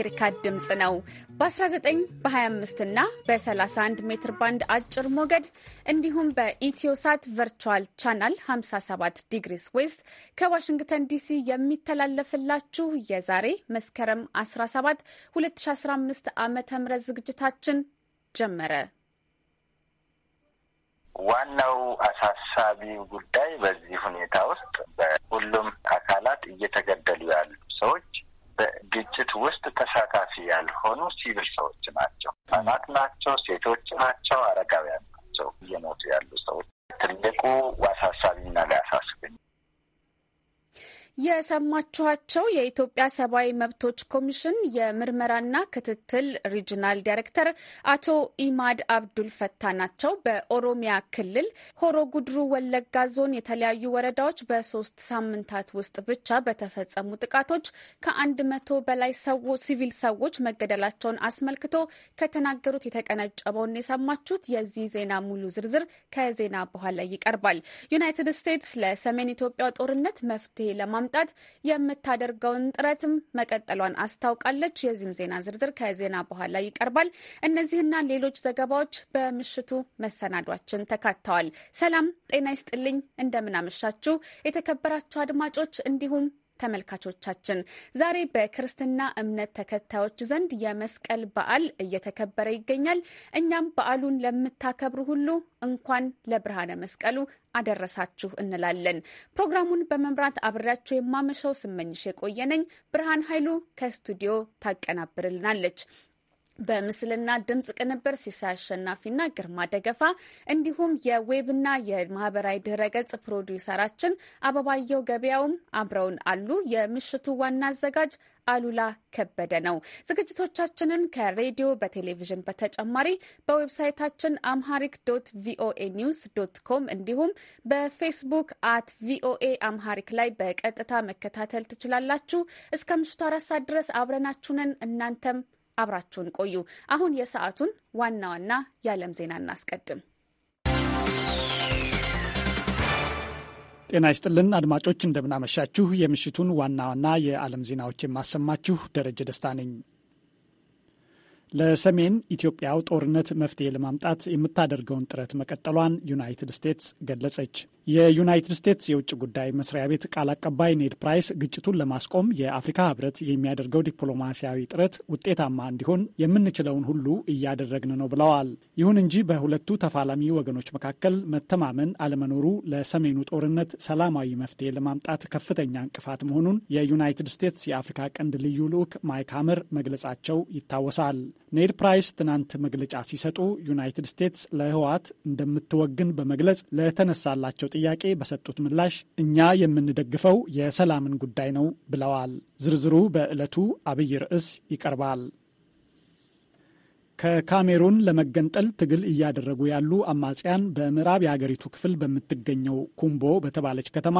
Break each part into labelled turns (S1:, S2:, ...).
S1: የአሜሪካ ድምፅ ነው። በ19 በ25 እና በ31 ሜትር ባንድ አጭር ሞገድ እንዲሁም በኢትዮሳት ቨርቹዋል ቻናል 57 ዲግሪስ ዌስት ከዋሽንግተን ዲሲ የሚተላለፍላችሁ የዛሬ መስከረም 17 2015 ዓ ም ዝግጅታችን ጀመረ።
S2: ዋናው አሳሳቢው ጉዳይ በዚህ ሁኔታ ውስጥ በሁሉም አካላት እየተገደሉ ያሉ ሰዎች በግጭት ውስጥ ተሳታፊ ያልሆኑ ሲቪል ሰዎች ናቸው። ህጻናት ናቸው፣ ሴቶች ናቸው፣ አረጋውያን ናቸው እየሞቱ ያሉ ሰዎች። ትልቁ አሳሳቢና ሊያሳስበኝ
S1: የሰማችኋቸው የኢትዮጵያ ሰብአዊ መብቶች ኮሚሽን የምርመራና ክትትል ሪጅናል ዳይሬክተር አቶ ኢማድ አብዱል ፈታ ናቸው። በኦሮሚያ ክልል ሆሮ ጉድሩ ወለጋ ዞን የተለያዩ ወረዳዎች በሶስት ሳምንታት ውስጥ ብቻ በተፈጸሙ ጥቃቶች ከአንድ መቶ በላይ ሲቪል ሰዎች መገደላቸውን አስመልክቶ ከተናገሩት የተቀነጨበውን የሰማችሁት። የዚህ ዜና ሙሉ ዝርዝር ከዜና በኋላ ይቀርባል። ዩናይትድ ስቴትስ ለሰሜን ኢትዮጵያ ጦርነት መፍትሄ ለማምጣት ለማምጣት የምታደርገውን ጥረትም መቀጠሏን አስታውቃለች። የዚህም ዜና ዝርዝር ከዜና በኋላ ይቀርባል። እነዚህና ሌሎች ዘገባዎች በምሽቱ መሰናዷችን ተካተዋል። ሰላም ጤና ይስጥልኝ። እንደምናመሻችሁ የተከበራችሁ አድማጮች እንዲሁም ተመልካቾቻችን ዛሬ በክርስትና እምነት ተከታዮች ዘንድ የመስቀል በዓል እየተከበረ ይገኛል። እኛም በዓሉን ለምታከብሩ ሁሉ እንኳን ለብርሃነ መስቀሉ አደረሳችሁ እንላለን። ፕሮግራሙን በመምራት አብሬያችሁ የማመሸው ስመኝሽ የቆየነኝ ብርሃን ኃይሉ ከስቱዲዮ ታቀናብርልናለች። በምስልና ድምጽ ቅንብር ሲሳይ አሸናፊና ግርማ ደገፋ እንዲሁም የዌብና የማህበራዊ ድረገጽ ፕሮዲውሰራችን አበባየው ገበያውም አብረውን አሉ። የምሽቱ ዋና አዘጋጅ አሉላ ከበደ ነው። ዝግጅቶቻችንን ከሬዲዮ በቴሌቪዥን በተጨማሪ በዌብሳይታችን አምሃሪክ ዶት ቪኦኤ ኒውስ ዶት ኮም እንዲሁም በፌስቡክ አት ቪኦኤ አምሃሪክ ላይ በቀጥታ መከታተል ትችላላችሁ። እስከ ምሽቱ አራት ሰዓት ድረስ አብረናችሁንን እናንተም አብራችሁን ቆዩ። አሁን የሰዓቱን ዋና ዋና የዓለም ዜና እናስቀድም።
S3: ጤና ይስጥልን አድማጮች፣ እንደምናመሻችሁ። የምሽቱን ዋና ዋና የዓለም ዜናዎች የማሰማችሁ ደረጀ ደስታ ነኝ። ለሰሜን ኢትዮጵያው ጦርነት መፍትሄ ለማምጣት የምታደርገውን ጥረት መቀጠሏን ዩናይትድ ስቴትስ ገለጸች። የዩናይትድ ስቴትስ የውጭ ጉዳይ መስሪያ ቤት ቃል አቀባይ ኔድ ፕራይስ ግጭቱን ለማስቆም የአፍሪካ ህብረት የሚያደርገው ዲፕሎማሲያዊ ጥረት ውጤታማ እንዲሆን የምንችለውን ሁሉ እያደረግን ነው ብለዋል። ይሁን እንጂ በሁለቱ ተፋላሚ ወገኖች መካከል መተማመን አለመኖሩ ለሰሜኑ ጦርነት ሰላማዊ መፍትሄ ለማምጣት ከፍተኛ እንቅፋት መሆኑን የዩናይትድ ስቴትስ የአፍሪካ ቀንድ ልዩ ልዑክ ማይክ ሀመር መግለጻቸው ይታወሳል። ኔድ ፕራይስ ትናንት መግለጫ ሲሰጡ ዩናይትድ ስቴትስ ለህወሓት እንደምትወግን በመግለጽ ለተነሳላቸው ጥያቄ በሰጡት ምላሽ እኛ የምንደግፈው የሰላምን ጉዳይ ነው ብለዋል። ዝርዝሩ በዕለቱ አብይ ርዕስ ይቀርባል። ከካሜሩን ለመገንጠል ትግል እያደረጉ ያሉ አማጽያን በምዕራብ የአገሪቱ ክፍል በምትገኘው ኩምቦ በተባለች ከተማ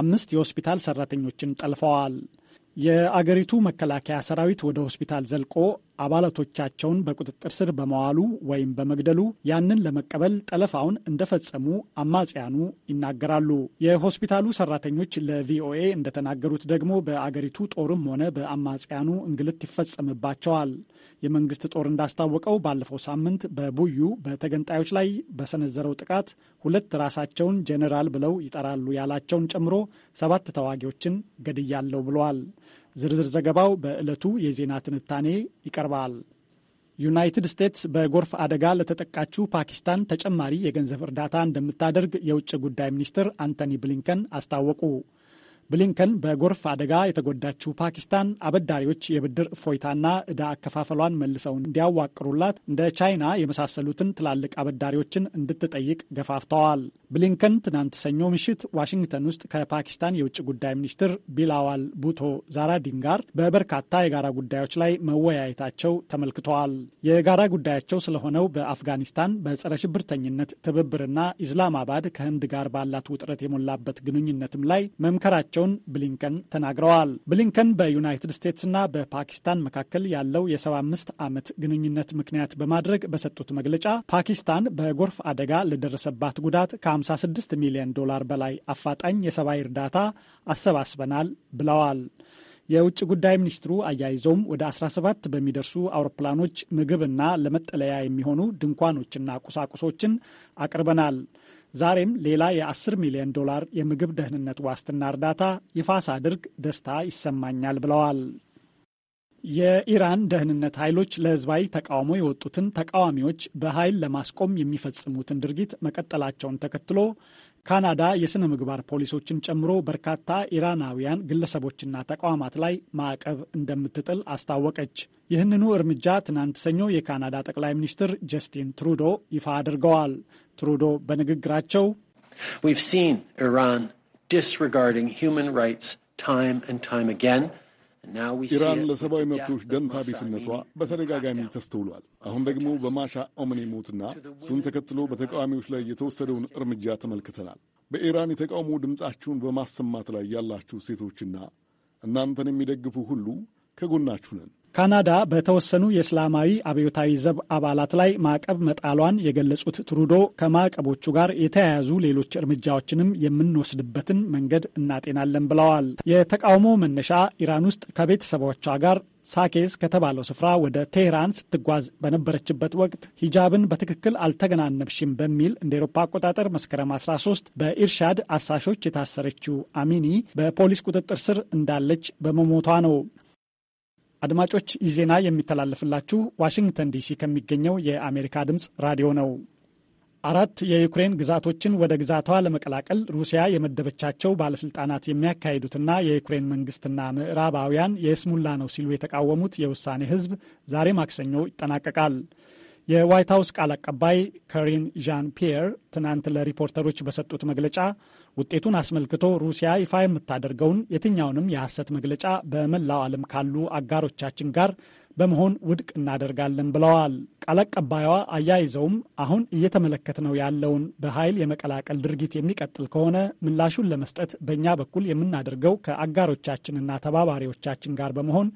S3: አምስት የሆስፒታል ሰራተኞችን ጠልፈዋል። የአገሪቱ መከላከያ ሰራዊት ወደ ሆስፒታል ዘልቆ አባላቶቻቸውን በቁጥጥር ስር በመዋሉ ወይም በመግደሉ ያንን ለመቀበል ጠለፋውን እንደፈጸሙ አማጽያኑ ይናገራሉ። የሆስፒታሉ ሰራተኞች ለቪኦኤ እንደተናገሩት ደግሞ በአገሪቱ ጦርም ሆነ በአማጽያኑ እንግልት ይፈጸምባቸዋል። የመንግስት ጦር እንዳስታወቀው ባለፈው ሳምንት በቡዩ በተገንጣዮች ላይ በሰነዘረው ጥቃት ሁለት ራሳቸውን ጄኔራል ብለው ይጠራሉ ያላቸውን ጨምሮ ሰባት ተዋጊዎችን ገድያለው ብለዋል። ዝርዝር ዘገባው በዕለቱ የዜና ትንታኔ ይቀርባል። ዩናይትድ ስቴትስ በጎርፍ አደጋ ለተጠቃችው ፓኪስታን ተጨማሪ የገንዘብ እርዳታ እንደምታደርግ የውጭ ጉዳይ ሚኒስትር አንቶኒ ብሊንከን አስታወቁ። ብሊንከን በጎርፍ አደጋ የተጎዳችው ፓኪስታን አበዳሪዎች የብድር እፎይታና ዕዳ አከፋፈሏን መልሰው እንዲያዋቅሩላት እንደ ቻይና የመሳሰሉትን ትላልቅ አበዳሪዎችን እንድትጠይቅ ገፋፍተዋል። ብሊንከን ትናንት ሰኞ ምሽት ዋሽንግተን ውስጥ ከፓኪስታን የውጭ ጉዳይ ሚኒስትር ቢላዋል ቡቶ ዛራዲን ጋር በበርካታ የጋራ ጉዳዮች ላይ መወያየታቸው ተመልክተዋል። የጋራ ጉዳያቸው ስለሆነው በአፍጋኒስታን በጸረ ሽብርተኝነት ትብብርና ኢስላማባድ ከህንድ ጋር ባላት ውጥረት የሞላበት ግንኙነትም ላይ መምከራቸው መሆናቸውን ብሊንከን ተናግረዋል። ብሊንከን በዩናይትድ ስቴትስና በፓኪስታን መካከል ያለው የ75 ዓመት ግንኙነት ምክንያት በማድረግ በሰጡት መግለጫ ፓኪስታን በጎርፍ አደጋ ለደረሰባት ጉዳት ከ56 ሚሊዮን ዶላር በላይ አፋጣኝ የሰብአዊ እርዳታ አሰባስበናል ብለዋል። የውጭ ጉዳይ ሚኒስትሩ አያይዘውም ወደ 17 በሚደርሱ አውሮፕላኖች ምግብና ለመጠለያ የሚሆኑ ድንኳኖችና ቁሳቁሶችን አቅርበናል። ዛሬም ሌላ የ10 ሚሊዮን ዶላር የምግብ ደህንነት ዋስትና እርዳታ ይፋ ሳድርግ ደስታ ይሰማኛል ብለዋል። የኢራን ደህንነት ኃይሎች ለህዝባዊ ተቃውሞ የወጡትን ተቃዋሚዎች በኃይል ለማስቆም የሚፈጽሙትን ድርጊት መቀጠላቸውን ተከትሎ ካናዳ የሥነ ምግባር ፖሊሶችን ጨምሮ በርካታ ኢራናውያን ግለሰቦችና ተቋማት ላይ ማዕቀብ እንደምትጥል አስታወቀች። ይህንኑ እርምጃ ትናንት ሰኞ የካናዳ ጠቅላይ ሚኒስትር ጀስቲን ትሩዶ ይፋ አድርገዋል። ትሩዶ በንግግራቸው
S4: ኢራን ዲስሪጋርዲንግ Iran ራይትስ ታይም ታይም አጋን
S5: ኢራን ለሰብአዊ መብቶች ደንታ ቢስነቷ በተደጋጋሚ ተስተውሏል። አሁን ደግሞ በማሻ ኦምኒ ሞትና እሱን ተከትሎ በተቃዋሚዎች ላይ የተወሰደውን እርምጃ ተመልክተናል። በኢራን የተቃውሞ ድምፃችሁን በማሰማት ላይ ያላችሁ ሴቶችና እናንተን የሚደግፉ ሁሉ ከጎናችሁ ነን።
S3: ካናዳ በተወሰኑ የእስላማዊ አብዮታዊ ዘብ አባላት ላይ ማዕቀብ መጣሏን የገለጹት ትሩዶ ከማዕቀቦቹ ጋር የተያያዙ ሌሎች እርምጃዎችንም የምንወስድበትን መንገድ እናጤናለን ብለዋል። የተቃውሞ መነሻ ኢራን ውስጥ ከቤተሰቦቿ ጋር ሳኬዝ ከተባለው ስፍራ ወደ ቴህራን ስትጓዝ በነበረችበት ወቅት ሂጃብን በትክክል አልተገናነብሽም በሚል እንደ ኤሮፓ አቆጣጠር መስከረም 13 በኢርሻድ አሳሾች የታሰረችው አሚኒ በፖሊስ ቁጥጥር ስር እንዳለች በመሞቷ ነው። አድማጮች ይህ ዜና የሚተላለፍላችሁ ዋሽንግተን ዲሲ ከሚገኘው የአሜሪካ ድምፅ ራዲዮ ነው። አራት የዩክሬን ግዛቶችን ወደ ግዛቷ ለመቀላቀል ሩሲያ የመደበቻቸው ባለስልጣናት የሚያካሂዱትና የዩክሬን መንግስትና ምዕራባውያን የስሙላ ነው ሲሉ የተቃወሙት የውሳኔ ህዝብ ዛሬ ማክሰኞ ይጠናቀቃል። የዋይት ሀውስ ቃል አቀባይ ከሪን ዣን ፒየር ትናንት ለሪፖርተሮች በሰጡት መግለጫ ውጤቱን አስመልክቶ ሩሲያ ይፋ የምታደርገውን የትኛውንም የሐሰት መግለጫ በመላው ዓለም ካሉ አጋሮቻችን ጋር በመሆን ውድቅ እናደርጋለን ብለዋል። ቃል አቀባዩዋ አያይዘውም አሁን እየተመለከትነው ያለውን በኃይል የመቀላቀል ድርጊት የሚቀጥል ከሆነ ምላሹን ለመስጠት በእኛ በኩል የምናደርገው ከአጋሮቻችንና ተባባሪዎቻችን ጋር በመሆን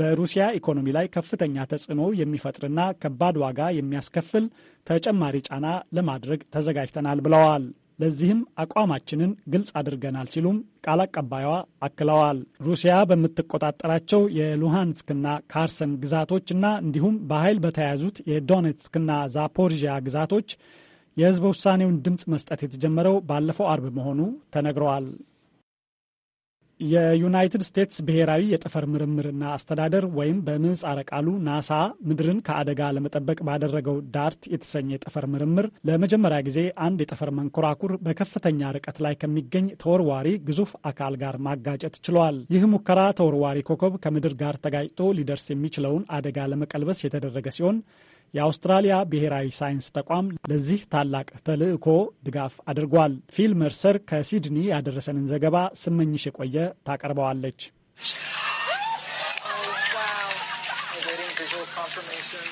S3: በሩሲያ ኢኮኖሚ ላይ ከፍተኛ ተጽዕኖ የሚፈጥርና ከባድ ዋጋ የሚያስከፍል ተጨማሪ ጫና ለማድረግ ተዘጋጅተናል ብለዋል። ለዚህም አቋማችንን ግልጽ አድርገናል ሲሉም ቃል አቀባይዋ አክለዋል። ሩሲያ በምትቆጣጠራቸው የሉሃንስክና ካርሰን ግዛቶችና እንዲሁም በኃይል በተያዙት የዶኔትስክና ዛፖርዥያ ግዛቶች የህዝበ ውሳኔውን ድምፅ መስጠት የተጀመረው ባለፈው አርብ መሆኑ ተነግረዋል። የዩናይትድ ስቴትስ ብሔራዊ የጠፈር ምርምርና አስተዳደር ወይም በምህጻረ ቃሉ ናሳ ምድርን ከአደጋ ለመጠበቅ ባደረገው ዳርት የተሰኘ የጠፈር ምርምር ለመጀመሪያ ጊዜ አንድ የጠፈር መንኮራኩር በከፍተኛ ርቀት ላይ ከሚገኝ ተወርዋሪ ግዙፍ አካል ጋር ማጋጨት ችሏል። ይህ ሙከራ ተወርዋሪ ኮከብ ከምድር ጋር ተጋጭቶ ሊደርስ የሚችለውን አደጋ ለመቀልበስ የተደረገ ሲሆን የአውስትራሊያ ብሔራዊ ሳይንስ ተቋም ለዚህ ታላቅ ተልዕኮ ድጋፍ አድርጓል። ፊል መርሰር ከሲድኒ ያደረሰንን ዘገባ ስመኝሽ የቆየ ታቀርበዋለች።
S2: confirmation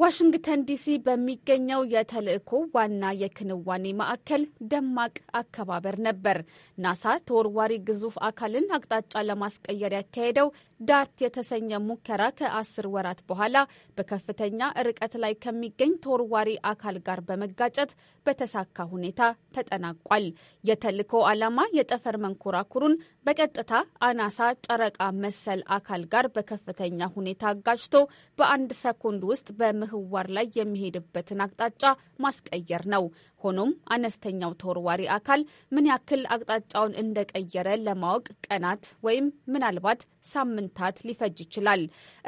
S1: ዋሽንግተን ዲሲ በሚገኘው የተልእኮ ዋና የክንዋኔ ማዕከል ደማቅ አከባበር ነበር። ናሳ ተወርዋሪ ግዙፍ አካልን አቅጣጫ ለማስቀየር ያካሄደው ዳርት የተሰኘ ሙከራ ከአስር ወራት በኋላ በከፍተኛ ርቀት ላይ ከሚገኝ ተወርዋሪ አካል ጋር በመጋጨት በተሳካ ሁኔታ ተጠናቋል። የተልእኮ ዓላማ የጠፈር መንኮራኩሩን በቀጥታ አናሳ ጨረቃ መሰል አካል ጋር በከፍተኛ ሁኔታ አጋጭቶ በአንድ ሰኮንድ ውስጥ በም ምህዋር ላይ የሚሄድበትን አቅጣጫ ማስቀየር ነው። ሆኖም አነስተኛው ተወርዋሪ አካል ምን ያክል አቅጣጫውን እንደቀየረ ለማወቅ ቀናት ወይም ምናልባት ሳምንታት ሊፈጅ ይችላል።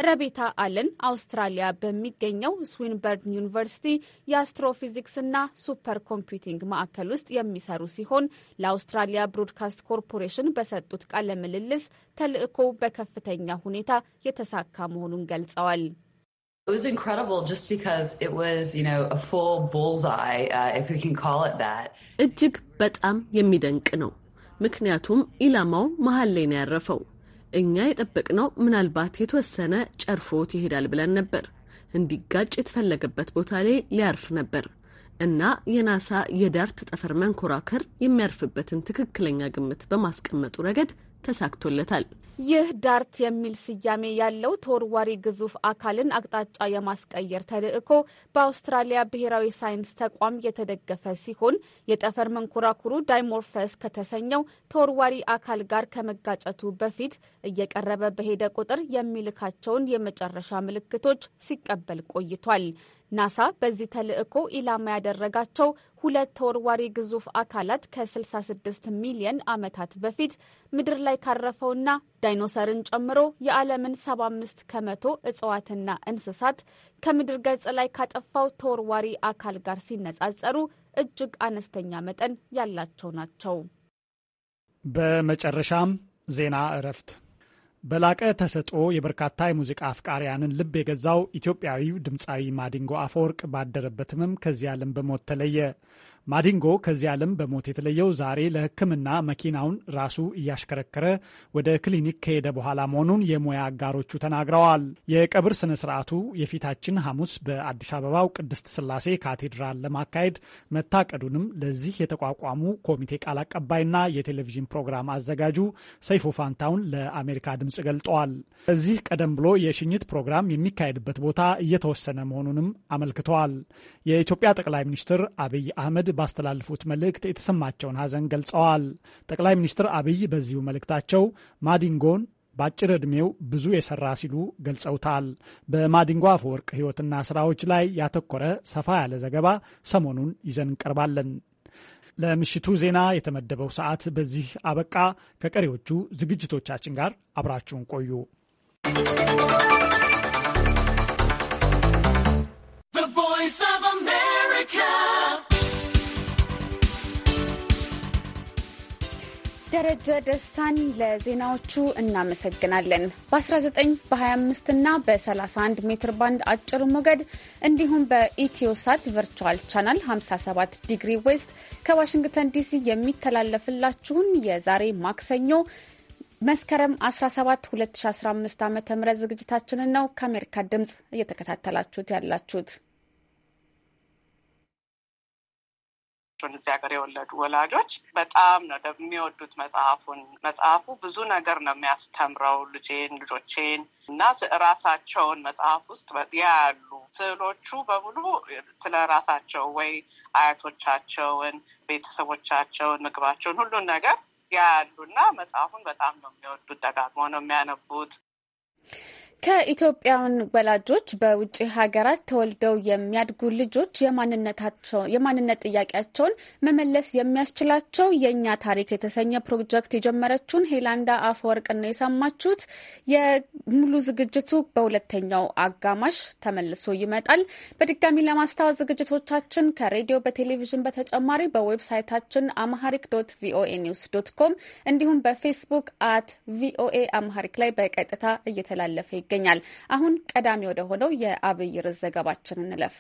S1: ረቤታ አለን አውስትራሊያ በሚገኘው ስዊንበርን ዩኒቨርሲቲ የአስትሮፊዚክስ እና ሱፐር ኮምፒውቲንግ ማዕከል ውስጥ የሚሰሩ ሲሆን ለአውስትራሊያ ብሮድካስት ኮርፖሬሽን በሰጡት ቃለ ምልልስ ተልዕኮ በከፍተኛ ሁኔታ የተሳካ መሆኑን ገልጸዋል።
S5: It was incredible just because it was, you know, a full bullseye, uh, if we can call it that.
S1: እጅግ በጣም የሚደንቅ ነው። ምክንያቱም ኢላማው መሀል ላይ ነው ያረፈው። እኛ የጠበቅነው ምናልባት የተወሰነ ጨርፎት ይሄዳል ብለን ነበር። እንዲጋጭ የተፈለገበት ቦታ ላይ ሊያርፍ ነበር እና የናሳ የዳርት ጠፈር መንኮራከር የሚያርፍበትን ትክክለኛ ግምት በማስቀመጡ ረገድ ተሳክቶለታል። ይህ ዳርት የሚል ስያሜ ያለው ተወርዋሪ ግዙፍ አካልን አቅጣጫ የማስቀየር ተልዕኮ በአውስትራሊያ ብሔራዊ ሳይንስ ተቋም የተደገፈ ሲሆን የጠፈር መንኮራኩሩ ዳይሞርፈስ ከተሰኘው ተወርዋሪ አካል ጋር ከመጋጨቱ በፊት እየቀረበ በሄደ ቁጥር የሚልካቸውን የመጨረሻ ምልክቶች ሲቀበል ቆይቷል። ናሳ በዚህ ተልዕኮ ኢላማ ያደረጋቸው ሁለት ተወርዋሪ ግዙፍ አካላት ከ66 ሚሊየን ዓመታት በፊት ምድር ላይ ካረፈውና ዳይኖሰርን ጨምሮ የዓለምን 75 ከመቶ እጽዋትና እንስሳት ከምድር ገጽ ላይ ካጠፋው ተወርዋሪ አካል ጋር ሲነጻጸሩ እጅግ አነስተኛ መጠን ያላቸው ናቸው።
S3: በመጨረሻም ዜና እረፍት በላቀ ተሰጥኦ የበርካታ የሙዚቃ አፍቃሪያንን ልብ የገዛው ኢትዮጵያዊው ድምፃዊ ማዲንጎ አፈወርቅ ባደረበት ህመም ከዚህ ዓለም በሞት ተለየ። ማዲንጎ ከዚህ ዓለም በሞት የተለየው ዛሬ ለሕክምና መኪናውን ራሱ እያሽከረከረ ወደ ክሊኒክ ከሄደ በኋላ መሆኑን የሙያ አጋሮቹ ተናግረዋል። የቀብር ስነ ስርዓቱ የፊታችን ሐሙስ በአዲስ አበባው ቅድስት ስላሴ ካቴድራል ለማካሄድ መታቀዱንም ለዚህ የተቋቋሙ ኮሚቴ ቃል አቀባይና የቴሌቪዥን ፕሮግራም አዘጋጁ ሰይፎ ፋንታውን ለአሜሪካ ድምፅ ገልጠዋል። ከዚህ ቀደም ብሎ የሽኝት ፕሮግራም የሚካሄድበት ቦታ እየተወሰነ መሆኑንም አመልክተዋል። የኢትዮጵያ ጠቅላይ ሚኒስትር አብይ አህመድ ባስተላለፉት መልእክት የተሰማቸውን ሐዘን ገልጸዋል። ጠቅላይ ሚኒስትር አብይ በዚሁ መልእክታቸው ማዲንጎን በአጭር ዕድሜው ብዙ የሰራ ሲሉ ገልጸውታል። በማዲንጎ አፈወርቅ ሕይወትና ስራዎች ላይ ያተኮረ ሰፋ ያለ ዘገባ ሰሞኑን ይዘን እንቀርባለን። ለምሽቱ ዜና የተመደበው ሰዓት በዚህ አበቃ። ከቀሪዎቹ ዝግጅቶቻችን ጋር አብራችሁን ቆዩ።
S1: ደረጀ ደስታን ለዜናዎቹ እናመሰግናለን። በ19 በ25 እና በ31 ሜትር ባንድ አጭር ሞገድ እንዲሁም በኢትዮሳት ቨርቹዋል ቻናል 57 ዲግሪ ዌስት ከዋሽንግተን ዲሲ የሚተላለፍላችሁን የዛሬ ማክሰኞ መስከረም 17 2015 ዓ ም ዝግጅታችንን ነው ከአሜሪካ ድምፅ እየተከታተላችሁት ያላችሁት።
S6: ልጆቻቸውን እዚህ ሀገር የወለዱ ወላጆች በጣም ነው የሚወዱት መጽሐፉን። መጽሐፉ ብዙ ነገር ነው የሚያስተምረው ልጄን፣ ልጆቼን እና ራሳቸውን መጽሐፍ ውስጥ ያሉ ስዕሎቹ በሙሉ ስለ ራሳቸው ወይ አያቶቻቸውን፣ ቤተሰቦቻቸውን፣ ምግባቸውን፣ ሁሉን ነገር ያሉ እና መጽሐፉን በጣም ነው የሚወዱት። ደጋግሞ ነው የሚያነቡት።
S1: ከኢትዮጵያውያን ወላጆች በውጭ ሀገራት ተወልደው የሚያድጉ ልጆች የማንነት ጥያቄያቸውን መመለስ የሚያስችላቸው የእኛ ታሪክ የተሰኘ ፕሮጀክት የጀመረችውን ሄላንዳ አፈወርቅ ነው የሰማችሁት። የሙሉ ዝግጅቱ በሁለተኛው አጋማሽ ተመልሶ ይመጣል። በድጋሚ ለማስታወስ ዝግጅቶቻችን ከሬዲዮ በቴሌቪዥን በተጨማሪ በዌብሳይታችን አምሃሪክ ዶት ቪኦኤ ኒውስ ዶት ኮም እንዲሁም በፌስቡክ አት ቪኦኤ አምሃሪክ ላይ በቀጥታ እየተላለፈ ይገኛል። አሁን ቀዳሚ ወደ ሆነው የአብይ ርዕስ ዘገባችን እንለፍ።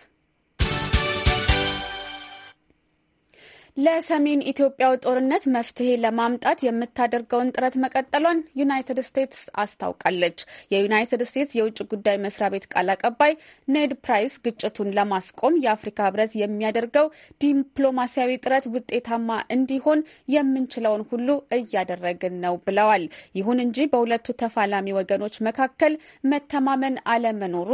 S1: ለሰሜን ኢትዮጵያው ጦርነት መፍትሄ ለማምጣት የምታደርገውን ጥረት መቀጠሏን ዩናይትድ ስቴትስ አስታውቃለች። የዩናይትድ ስቴትስ የውጭ ጉዳይ መስሪያ ቤት ቃል አቀባይ ኔድ ፕራይስ ግጭቱን ለማስቆም የአፍሪካ ሕብረት የሚያደርገው ዲፕሎማሲያዊ ጥረት ውጤታማ እንዲሆን የምንችለውን ሁሉ እያደረግን ነው ብለዋል። ይሁን እንጂ በሁለቱ ተፋላሚ ወገኖች መካከል መተማመን አለመኖሩ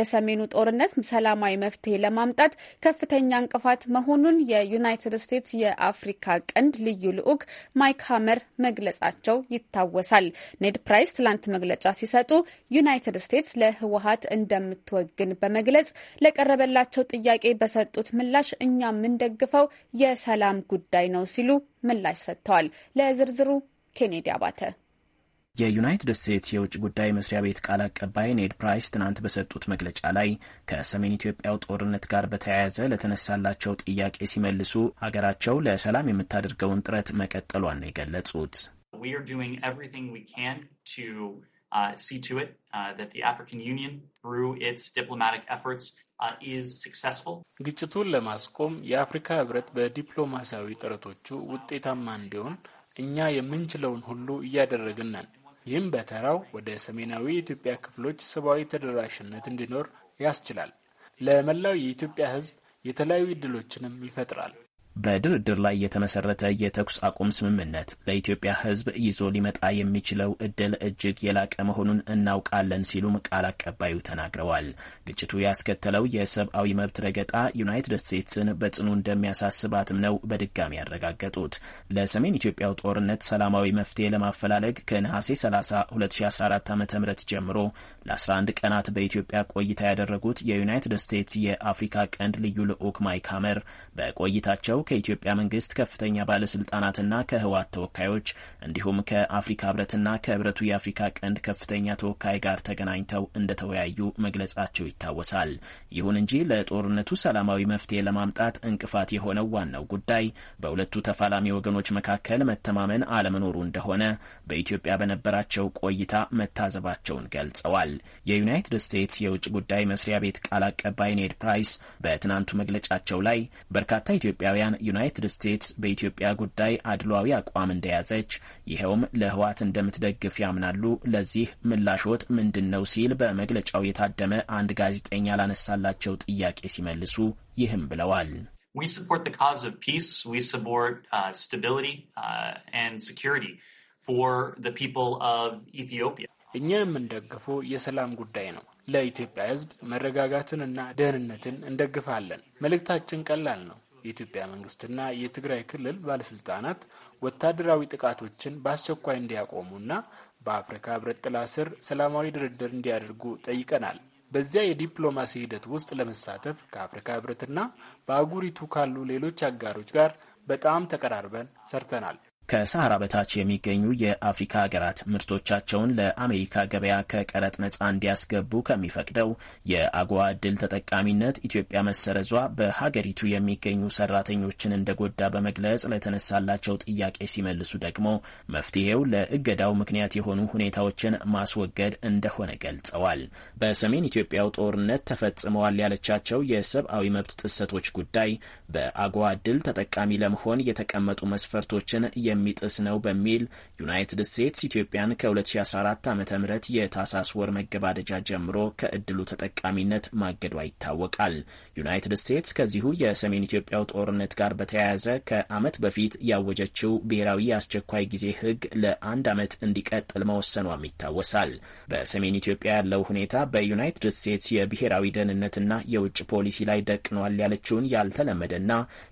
S1: የሰሜኑ ጦርነት ሰላማዊ መፍትሄ ለማምጣት ከፍተኛ እንቅፋት መሆኑን የዩናይትድ ስቴትስ የአፍሪካ ቀንድ ልዩ ልዑክ ማይክ ሀመር መግለጻቸው ይታወሳል። ኔድ ፕራይስ ትላንት መግለጫ ሲሰጡ ዩናይትድ ስቴትስ ለህወሀት እንደምትወግን በመግለጽ ለቀረበላቸው ጥያቄ በሰጡት ምላሽ እኛ የምንደግፈው የሰላም ጉዳይ ነው ሲሉ ምላሽ ሰጥተዋል። ለዝርዝሩ ኬኔዲ አባተ
S7: የዩናይትድ ስቴትስ የውጭ ጉዳይ መስሪያ ቤት ቃል አቀባይ ኔድ ፕራይስ ትናንት በሰጡት መግለጫ ላይ ከሰሜን ኢትዮጵያው ጦርነት ጋር በተያያዘ ለተነሳላቸው ጥያቄ ሲመልሱ ሀገራቸው ለሰላም የምታደርገውን ጥረት መቀጠሏን ነው የገለጹት።
S8: uh, uh, uh, ግጭቱን ለማስቆም የአፍሪካ ህብረት በዲፕሎማሲያዊ ጥረቶቹ ውጤታማ እንዲሆን እኛ የምንችለውን ሁሉ እያደረግን ነን። ይህም በተራው ወደ ሰሜናዊ የኢትዮጵያ ክፍሎች ሰብአዊ ተደራሽነት እንዲኖር ያስችላል። ለመላው የኢትዮጵያ ሕዝብ የተለያዩ እድሎችንም ይፈጥራል።
S7: በድርድር ላይ የተመሰረተ የተኩስ አቁም ስምምነት ለኢትዮጵያ ሕዝብ ይዞ ሊመጣ የሚችለው እድል እጅግ የላቀ መሆኑን እናውቃለን ሲሉም ቃል አቀባዩ ተናግረዋል። ግጭቱ ያስከተለው የሰብአዊ መብት ረገጣ ዩናይትድ ስቴትስን በጽኑ እንደሚያሳስባትም ነው በድጋሚ ያረጋገጡት። ለሰሜን ኢትዮጵያው ጦርነት ሰላማዊ መፍትሄ ለማፈላለግ ከነሐሴ 30 2014 ዓ ም ጀምሮ ለ11 ቀናት በኢትዮጵያ ቆይታ ያደረጉት የዩናይትድ ስቴትስ የአፍሪካ ቀንድ ልዩ ልዑክ ማይክ ሀመር በቆይታቸው ከኢትዮጵያ መንግስት ከፍተኛ ባለስልጣናትና ከህወሓት ተወካዮች እንዲሁም ከአፍሪካ ህብረትና ከህብረቱ የአፍሪካ ቀንድ ከፍተኛ ተወካይ ጋር ተገናኝተው እንደተወያዩ መግለጻቸው ይታወሳል። ይሁን እንጂ ለጦርነቱ ሰላማዊ መፍትሄ ለማምጣት እንቅፋት የሆነው ዋናው ጉዳይ በሁለቱ ተፋላሚ ወገኖች መካከል መተማመን አለመኖሩ እንደሆነ በኢትዮጵያ በነበራቸው ቆይታ መታዘባቸውን ገልጸዋል። የዩናይትድ ስቴትስ የውጭ ጉዳይ መስሪያ ቤት ቃል አቀባይ ኔድ ፕራይስ በትናንቱ መግለጫቸው ላይ በርካታ ኢትዮጵያውያን ቀን ዩናይትድ ስቴትስ በኢትዮጵያ ጉዳይ አድሏዊ አቋም እንደያዘች ይኸውም ለህዋት እንደምትደግፍ ያምናሉ። ለዚህ ምላሾት ምንድን ነው ሲል በመግለጫው የታደመ አንድ ጋዜጠኛ ላነሳላቸው ጥያቄ ሲመልሱ ይህም ብለዋል።
S8: uh, uh, እኛ የምንደግፈው የሰላም ጉዳይ ነው። ለኢትዮጵያ ህዝብ መረጋጋትን እና ደህንነትን እንደግፋለን። መልእክታችን ቀላል ነው። የኢትዮጵያ መንግስትና የትግራይ ክልል ባለስልጣናት ወታደራዊ ጥቃቶችን በአስቸኳይ እንዲያቆሙና በአፍሪካ ህብረት ጥላ ስር ሰላማዊ ድርድር እንዲያደርጉ ጠይቀናል። በዚያ የዲፕሎማሲ ሂደት ውስጥ ለመሳተፍ ከአፍሪካ ህብረትና በአህጉሪቱ ካሉ ሌሎች አጋሮች ጋር በጣም ተቀራርበን ሰርተናል።
S7: ከሰሃራ በታች የሚገኙ የአፍሪካ ሀገራት ምርቶቻቸውን ለአሜሪካ ገበያ ከቀረጥ ነጻ እንዲያስገቡ ከሚፈቅደው የአጎዋ እድል ተጠቃሚነት ኢትዮጵያ መሰረዟ በሀገሪቱ የሚገኙ ሰራተኞችን እንደጎዳ በመግለጽ ለተነሳላቸው ጥያቄ ሲመልሱ ደግሞ መፍትሄው ለእገዳው ምክንያት የሆኑ ሁኔታዎችን ማስወገድ እንደሆነ ገልጸዋል። በሰሜን ኢትዮጵያው ጦርነት ተፈጽመዋል ያለቻቸው የሰብአዊ መብት ጥሰቶች ጉዳይ በአጎዋ እድል ተጠቃሚ ለመሆን የተቀመጡ መስፈርቶችን የሚጥስ ነው በሚል ዩናይትድ ስቴትስ ኢትዮጵያን ከ2014 ዓ ም የታሳስ ወር መገባደጃ ጀምሮ ከእድሉ ተጠቃሚነት ማገዷ ይታወቃል። ዩናይትድ ስቴትስ ከዚሁ የሰሜን ኢትዮጵያው ጦርነት ጋር በተያያዘ ከዓመት በፊት ያወጀችው ብሔራዊ የአስቸኳይ ጊዜ ሕግ ለአንድ ዓመት እንዲቀጥል መወሰኗም ይታወሳል። በሰሜን ኢትዮጵያ ያለው ሁኔታ በዩናይትድ ስቴትስ የብሔራዊ ደህንነትና የውጭ ፖሊሲ ላይ ደቅኗል ያለችውን ያልተለመደና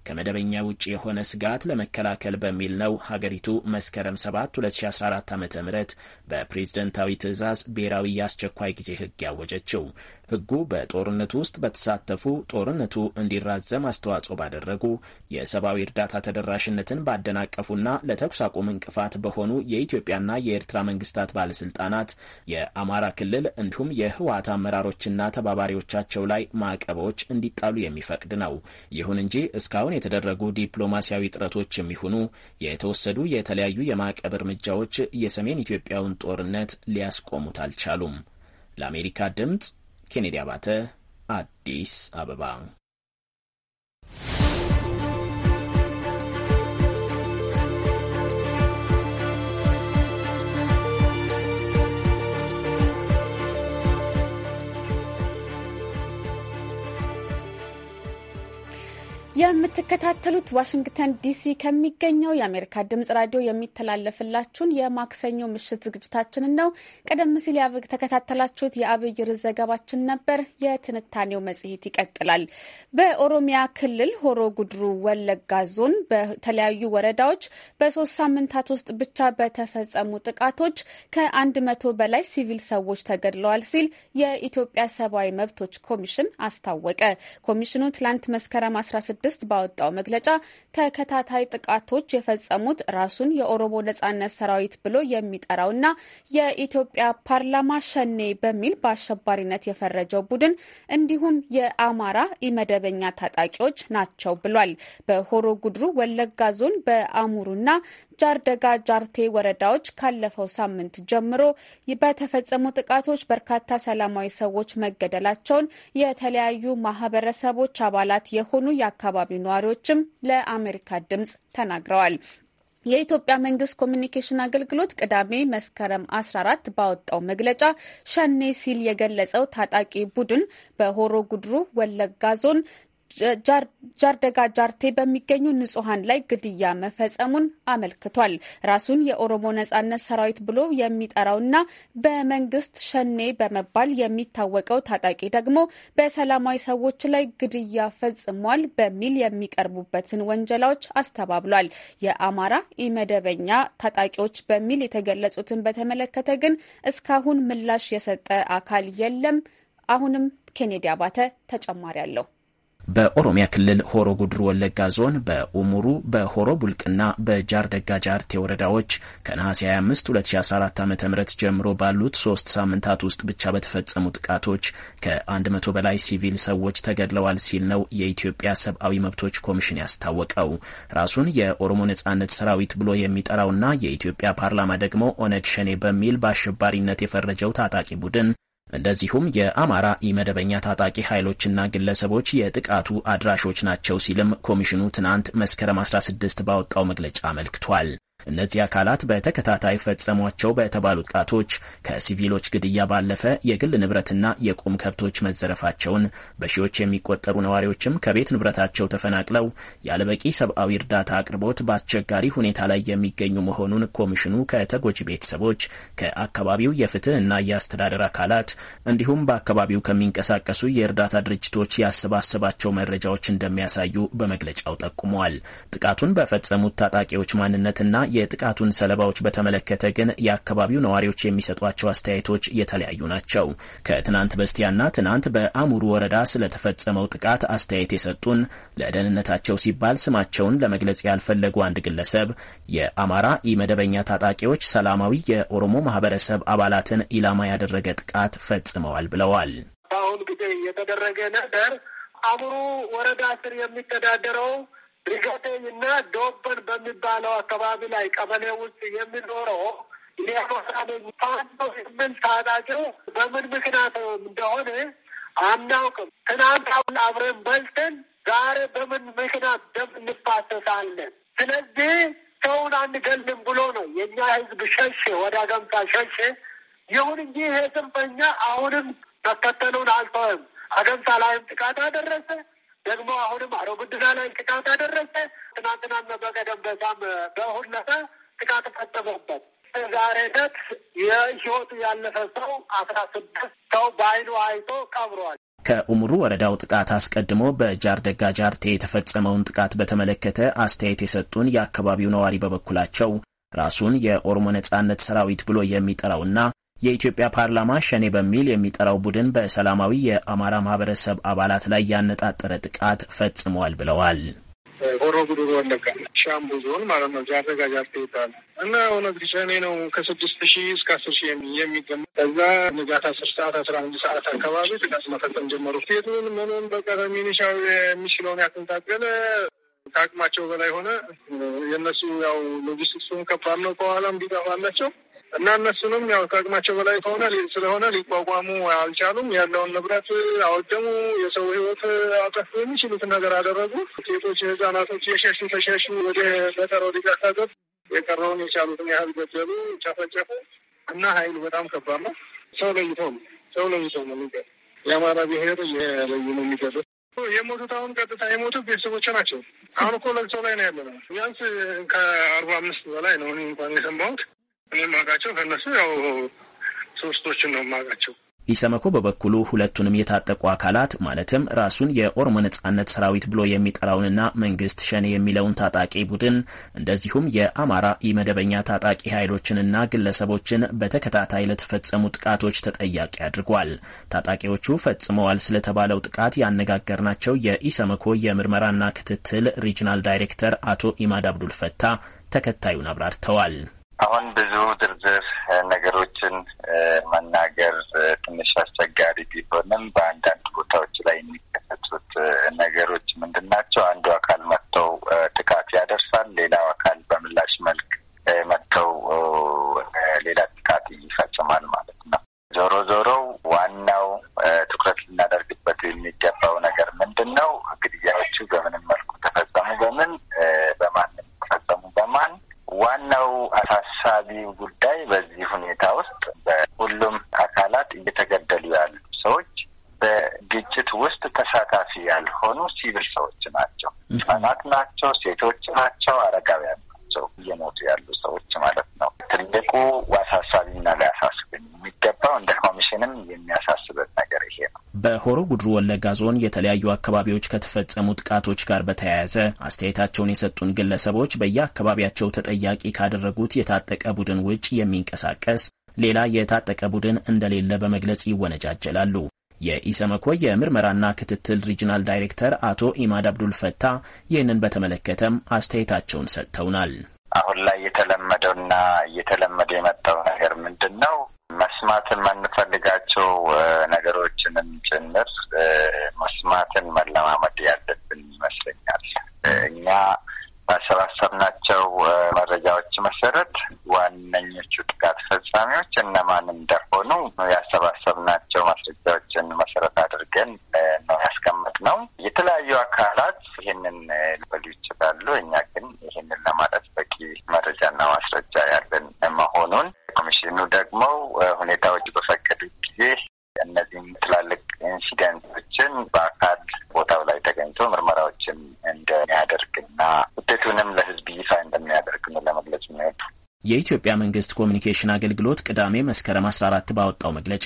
S7: ከመደበኛ ውጭ የሆነ ስጋት ለመከላከል በሚል ነው ሀገሪቱ መስከረም 7 2014 ዓ ም በፕሬዝደንታዊ ትዕዛዝ ብሔራዊ የአስቸኳይ ጊዜ ሕግ ያወጀችው። ህጉ በጦርነቱ ውስጥ በተሳተፉ ጦርነቱ እንዲራዘም አስተዋጽኦ ባደረጉ የሰብአዊ እርዳታ ተደራሽነትን ባደናቀፉና ለተኩስ አቁም እንቅፋት በሆኑ የኢትዮጵያና የኤርትራ መንግስታት ባለስልጣናት የአማራ ክልል እንዲሁም የህወሀት አመራሮችና ተባባሪዎቻቸው ላይ ማዕቀቦች እንዲጣሉ የሚፈቅድ ነው። ይሁን እንጂ እስካሁን የተደረጉ ዲፕሎማሲያዊ ጥረቶች የሚሆኑ የተወሰዱ የተለያዩ የማዕቀብ እርምጃዎች የሰሜን ኢትዮጵያውን ጦርነት ሊያስቆሙት አልቻሉም። ለአሜሪካ ድምጽ ኬኔዲ አባተ አዲስ አበባ
S1: የምትከታተሉት ዋሽንግተን ዲሲ ከሚገኘው የአሜሪካ ድምጽ ራዲዮ የሚተላለፍላችሁን የማክሰኞ ምሽት ዝግጅታችንን ነው። ቀደም ሲል ተከታተላችሁት የአብይ ርዕስ ዘገባችን ነበር። የትንታኔው መጽሔት ይቀጥላል። በኦሮሚያ ክልል ሆሮ ጉድሩ ወለጋ ዞን በተለያዩ ወረዳዎች በሶስት ሳምንታት ውስጥ ብቻ በተፈጸሙ ጥቃቶች ከአንድ መቶ በላይ ሲቪል ሰዎች ተገድለዋል ሲል የኢትዮጵያ ሰብአዊ መብቶች ኮሚሽን አስታወቀ። ኮሚሽኑ ትላንት መስከረም 16 መንግስት ባወጣው መግለጫ ተከታታይ ጥቃቶች የፈጸሙት ራሱን የኦሮሞ ነጻነት ሰራዊት ብሎ የሚጠራው እና የኢትዮጵያ ፓርላማ ሸኔ በሚል በአሸባሪነት የፈረጀው ቡድን እንዲሁም የአማራ ኢመደበኛ ታጣቂዎች ናቸው ብሏል። በሆሮ ጉድሩ ወለጋ ዞን በአሙሩና ጃርደጋ ጃርቴ ወረዳዎች ካለፈው ሳምንት ጀምሮ በተፈጸሙ ጥቃቶች በርካታ ሰላማዊ ሰዎች መገደላቸውን የተለያዩ ማህበረሰቦች አባላት የሆኑ የአካባቢው ነዋሪዎችም ለአሜሪካ ድምጽ ተናግረዋል። የኢትዮጵያ መንግስት ኮሚኒኬሽን አገልግሎት ቅዳሜ መስከረም 14 ባወጣው መግለጫ ሸኔ ሲል የገለጸው ታጣቂ ቡድን በሆሮ ጉድሩ ወለጋ ዞን ጃርደጋ ጃርቴ በሚገኙ ንጹሐን ላይ ግድያ መፈጸሙን አመልክቷል። ራሱን የኦሮሞ ነጻነት ሰራዊት ብሎ የሚጠራውና በመንግስት ሸኔ በመባል የሚታወቀው ታጣቂ ደግሞ በሰላማዊ ሰዎች ላይ ግድያ ፈጽሟል በሚል የሚቀርቡበትን ወንጀላዎች አስተባብሏል። የአማራ ኢመደበኛ ታጣቂዎች በሚል የተገለጹትን በተመለከተ ግን እስካሁን ምላሽ የሰጠ አካል የለም። አሁንም ኬኔዲ አባተ ተጨማሪ አለው።
S7: በኦሮሚያ ክልል ሆሮ ጉድሩ ወለጋ ዞን በኡሙሩ በሆሮ ቡልቅና በጃር ደጋ ጃርቴ ወረዳዎች ከነሐሴ 25 2014 ዓ ም ጀምሮ ባሉት ሶስት ሳምንታት ውስጥ ብቻ በተፈጸሙ ጥቃቶች ከ100 በላይ ሲቪል ሰዎች ተገድለዋል ሲል ነው የኢትዮጵያ ሰብአዊ መብቶች ኮሚሽን ያስታወቀው። ራሱን የኦሮሞ ነጻነት ሰራዊት ብሎ የሚጠራውና የኢትዮጵያ ፓርላማ ደግሞ ኦነግ ሸኔ በሚል በአሸባሪነት የፈረጀው ታጣቂ ቡድን እንደዚሁም የአማራ ኢመደበኛ ታጣቂ ኃይሎችና ግለሰቦች የጥቃቱ አድራሾች ናቸው ሲልም ኮሚሽኑ ትናንት መስከረም 16 ባወጣው መግለጫ አመልክቷል። እነዚህ አካላት በተከታታይ ፈጸሟቸው በተባሉ ጥቃቶች ከሲቪሎች ግድያ ባለፈ የግል ንብረትና የቁም ከብቶች መዘረፋቸውን፣ በሺዎች የሚቆጠሩ ነዋሪዎችም ከቤት ንብረታቸው ተፈናቅለው ያለበቂ ሰብአዊ እርዳታ አቅርቦት በአስቸጋሪ ሁኔታ ላይ የሚገኙ መሆኑን ኮሚሽኑ ከተጎጂ ቤተሰቦች፣ ከአካባቢው የፍትህ እና የአስተዳደር አካላት እንዲሁም በአካባቢው ከሚንቀሳቀሱ የእርዳታ ድርጅቶች ያሰባሰባቸው መረጃዎች እንደሚያሳዩ በመግለጫው ጠቁመዋል። ጥቃቱን በፈጸሙት ታጣቂዎች ማንነትና የጥቃቱን ሰለባዎች በተመለከተ ግን የአካባቢው ነዋሪዎች የሚሰጧቸው አስተያየቶች የተለያዩ ናቸው። ከትናንት በስቲያና ትናንት በአሙሩ ወረዳ ስለተፈጸመው ጥቃት አስተያየት የሰጡን ለደህንነታቸው ሲባል ስማቸውን ለመግለጽ ያልፈለጉ አንድ ግለሰብ የአማራ ኢመደበኛ ታጣቂዎች ሰላማዊ የኦሮሞ ማህበረሰብ አባላትን ኢላማ ያደረገ ጥቃት ፈጽመዋል ብለዋል።
S2: በአሁን ጊዜ የተደረገ ነገር አሙሩ ወረዳ ስር የሚተዳደረው ሪገቴ እና ዶበን በሚባለው አካባቢ ላይ ቀበሌ ውስጥ የሚኖረው ሊያመሳለኝ ፋኖ ስምንት ታጣቂው በምን ምክንያት እንደሆነ አናውቅም። ትናንት አሁን አብረን በልተን ዛሬ በምን ምክንያት ደም እንፋሰሳለን? ስለዚህ ሰውን አንገልም ብሎ ነው የእኛ ህዝብ ሸሽ ወደ ገምታ ሸሽ። ይሁን እንጂ ይሄ ጽንፈኛ አሁንም መከተሉን አልተወም። አገምታ ላይም ጥቃት አደረሰ። ደግሞ አሁንም አሮብድና ላይ ጥቃት አደረሰ። ትናንትና በቀደም በዛም በሁለፈ ጥቃት ፈጸመበት። ዛሬ ዕለት የህይወቱ ያለፈ ሰው አስራ ስድስት ሰው በአይኑ አይቶ ቀብሯል።
S7: ከኡምሩ ወረዳው ጥቃት አስቀድሞ በጃርደጋ ጃርቴ የተፈጸመውን ጥቃት በተመለከተ አስተያየት የሰጡን የአካባቢው ነዋሪ በበኩላቸው ራሱን የኦሮሞ ነጻነት ሰራዊት ብሎ የሚጠራውና የኢትዮጵያ ፓርላማ ሸኔ በሚል የሚጠራው ቡድን በሰላማዊ የአማራ ማህበረሰብ አባላት ላይ ያነጣጠረ ጥቃት ፈጽመዋል ብለዋል።
S2: ሆሮ ጉዱሩ ወለጋ ሻምቡ ዞን ማለት ነው። ጃረጋ ጃርቴ ይባላል እና ኦነግ ሸኔ ነው። ከስድስት ሺህ እስከ አስር ሺህ የሚገመት ከዛ ንጋት አስር ሰዓት አስራ አንድ ሰዓት አካባቢ ጥቃት መፈጸም ጀመሩ። ሴቱን ምኑን በቀረ ሚኒሻው የሚችለውን ያክንታገለ ከአቅማቸው በላይ ሆነ። የእነሱ ያው ሎጂስቲክሱን ከባድ ነው። ከኋላም ቢጠፋላቸው እና እነሱንም ያው ከአቅማቸው በላይ ከሆነ ስለሆነ ሊቋቋሙ አልቻሉም። ያለውን ንብረት አወደሙ፣ የሰው ህይወት አጠፉ፣ የሚችሉት ነገር አደረጉ። ሴቶች፣ ህጻናቶች የሸሹ ተሸሹ፣ ወደ ገጠር ወደ የቀረውን የቻሉትን ያህል ገደሉ፣ ጨፈጨፉ። እና ሀይሉ በጣም ከባድ ነው። ሰው ለይተው ነው ሰው ለይተው ነው የሚገ የአማራ ብሔር የለዩ ነው የሚገሉት። የሞቱት አሁን ቀጥታ የሞቱት ቤተሰቦች ናቸው። አሁን እኮ ለቅሶ ላይ ነው ያለ ነው። ቢያንስ ከአርባ አምስት በላይ ነው እኔ እንኳን የሰማሁት እኔ የማውቃቸው ከእነሱ ያው ሶስቶችን ነው
S7: የማውቃቸው። ኢሰመኮ በበኩሉ ሁለቱንም የታጠቁ አካላት ማለትም ራሱን የኦሮሞ ነጻነት ሰራዊት ብሎ የሚጠራውንና መንግስት ሸኔ የሚለውን ታጣቂ ቡድን እንደዚሁም የአማራ ኢመደበኛ ታጣቂ ኃይሎችንና ግለሰቦችን በተከታታይ ለተፈጸሙ ጥቃቶች ተጠያቂ አድርጓል። ታጣቂዎቹ ፈጽመዋል ስለተባለው ጥቃት ያነጋገርናቸው የኢሰመኮ የምርመራና ክትትል ሪጅናል ዳይሬክተር አቶ ኢማድ አብዱል ፈታ ተከታዩን አብራርተዋል።
S2: አሁን ብዙ ዝርዝር ነገሮችን መናገር ትንሽ አስቸጋሪ ቢሆንም በአንዳንድ ቦታዎች ላይ የሚከሰቱት ነገሮች ምንድን ናቸው? አንዱ አካል መጥተው ጥቃት ያደርሳል። ሌላው አካል በምላሽ መልክ መጥተው ሌላ ጥቃት ይፈጽማል ማለት ነው። ዞሮ ዞሮ ዋናው ትኩረት ልናደርግበት የሚገባው ነገር ምንድን ነው? ግድያዎቹ በምንም መልኩ ተፈጸሙ በምን ዋናው አሳሳቢው ጉዳይ በዚህ ሁኔታ ውስጥ በሁሉም አካላት እየተገደሉ ያሉ ሰዎች በግጭት ውስጥ ተሳታፊ ያልሆኑ ሲቪል ሰዎች ናቸው። ህጻናት ናቸው፣ ሴቶች ናቸው፣ አረጋውያን ናቸው። እየሞቱ ያሉ ሰዎች ማለት ነው። ትልቁ አሳሳቢና ሊያሳስብን የሚ የመጣው። እንደ ኮሚሽንም የሚያሳስበት
S7: ነገር ይሄ ነው። በሆሮ ጉድሩ ወለጋ ዞን የተለያዩ አካባቢዎች ከተፈጸሙ ጥቃቶች ጋር በተያያዘ አስተያየታቸውን የሰጡን ግለሰቦች በየአካባቢያቸው ተጠያቂ ካደረጉት የታጠቀ ቡድን ውጭ የሚንቀሳቀስ ሌላ የታጠቀ ቡድን እንደሌለ በመግለጽ ይወነጃጀላሉ። የኢሰመኮ የምርመራና ክትትል ሪጅናል ዳይሬክተር አቶ ኢማድ አብዱል ፈታ ይህንን በተመለከተም አስተያየታቸውን ሰጥተውናል።
S2: አሁን ላይ የተለመደውና እየተለመደ የመጣው ነገር ምንድን ነው? መስማትን የምንፈልጋቸው ነገሮችንም ጭምር መስማትን መለማመድ ያለብን ይመስለኛል። እኛ ባሰባሰብናቸው መረጃዎች መሰረት ዋነኞቹ ጥቃት ፈጻሚዎች እነማን እንደሆኑ ያሰባሰብናቸው ማስረጃዎችን መሰረት አድርገን ነው ያስቀመጥነው። የተለያዩ አካላት ይህንን ሊበሉ ይችላሉ። እኛ ግን ይህንን ለማለት በቂ መረጃና ማስረጃ
S7: የኢትዮጵያ መንግስት ኮሚኒኬሽን አገልግሎት ቅዳሜ መስከረም 14 ባወጣው መግለጫ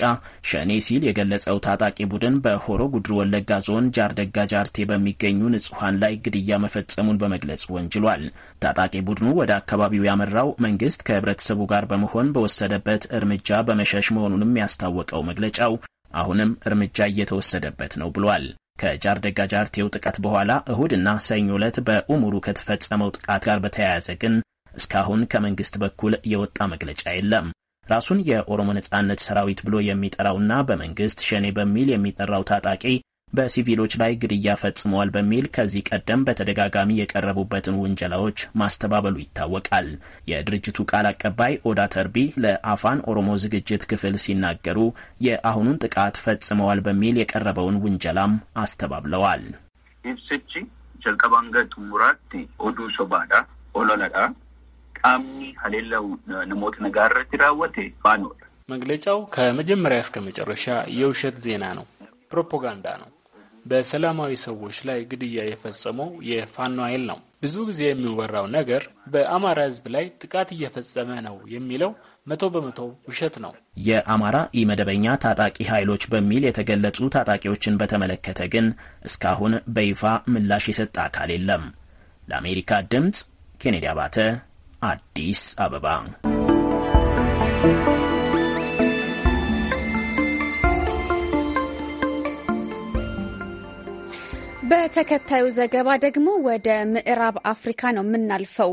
S7: ሸኔ ሲል የገለጸው ታጣቂ ቡድን በሆሮ ጉድሩ ወለጋ ዞን ጃርደጋ ጃርቴ በሚገኙ ንጹሐን ላይ ግድያ መፈጸሙን በመግለጽ ወንጅሏል። ታጣቂ ቡድኑ ወደ አካባቢው ያመራው መንግስት ከህብረተሰቡ ጋር በመሆን በወሰደበት እርምጃ በመሸሽ መሆኑንም ያስታወቀው መግለጫው አሁንም እርምጃ እየተወሰደበት ነው ብሏል። ከጃርደጋ ጃርቴው ጥቃት በኋላ እሁድና ሰኞ ዕለት በኡሙሩ ከተፈጸመው ጥቃት ጋር በተያያዘ ግን እስካሁን ከመንግስት በኩል የወጣ መግለጫ የለም። ራሱን የኦሮሞ ነጻነት ሰራዊት ብሎ የሚጠራውና በመንግስት ሸኔ በሚል የሚጠራው ታጣቂ በሲቪሎች ላይ ግድያ ፈጽመዋል በሚል ከዚህ ቀደም በተደጋጋሚ የቀረቡበትን ውንጀላዎች ማስተባበሉ ይታወቃል። የድርጅቱ ቃል አቀባይ ኦዳ ተርቢ ለአፋን ኦሮሞ ዝግጅት ክፍል ሲናገሩ የአሁኑን ጥቃት ፈጽመዋል በሚል የቀረበውን ውንጀላም አስተባብለዋል።
S8: ኢብስቺ ጀልቀባንገ ጥሙራት ኦዱ ሶባዳ ኦሎለዳ ቃምኒ ከሌለው ንሞት ነጋር ትራወቴ ባኖር መግለጫው ከመጀመሪያ እስከ መጨረሻ የውሸት ዜና ነው፣ ፕሮፓጋንዳ ነው። በሰላማዊ ሰዎች ላይ ግድያ የፈጸመው የፋኖ ኃይል ነው። ብዙ ጊዜ የሚወራው ነገር በአማራ ሕዝብ ላይ ጥቃት እየፈጸመ ነው የሚለው መቶ በመቶ ውሸት ነው።
S7: የአማራ ኢመደበኛ ታጣቂ ኃይሎች በሚል የተገለጹ ታጣቂዎችን በተመለከተ ግን እስካሁን በይፋ ምላሽ የሰጠ አካል የለም። ለአሜሪካ ድምፅ ኬኔዲ አባተ አዲስ አበባ
S1: በተከታዩ ዘገባ ደግሞ ወደ ምዕራብ አፍሪካ ነው የምናልፈው።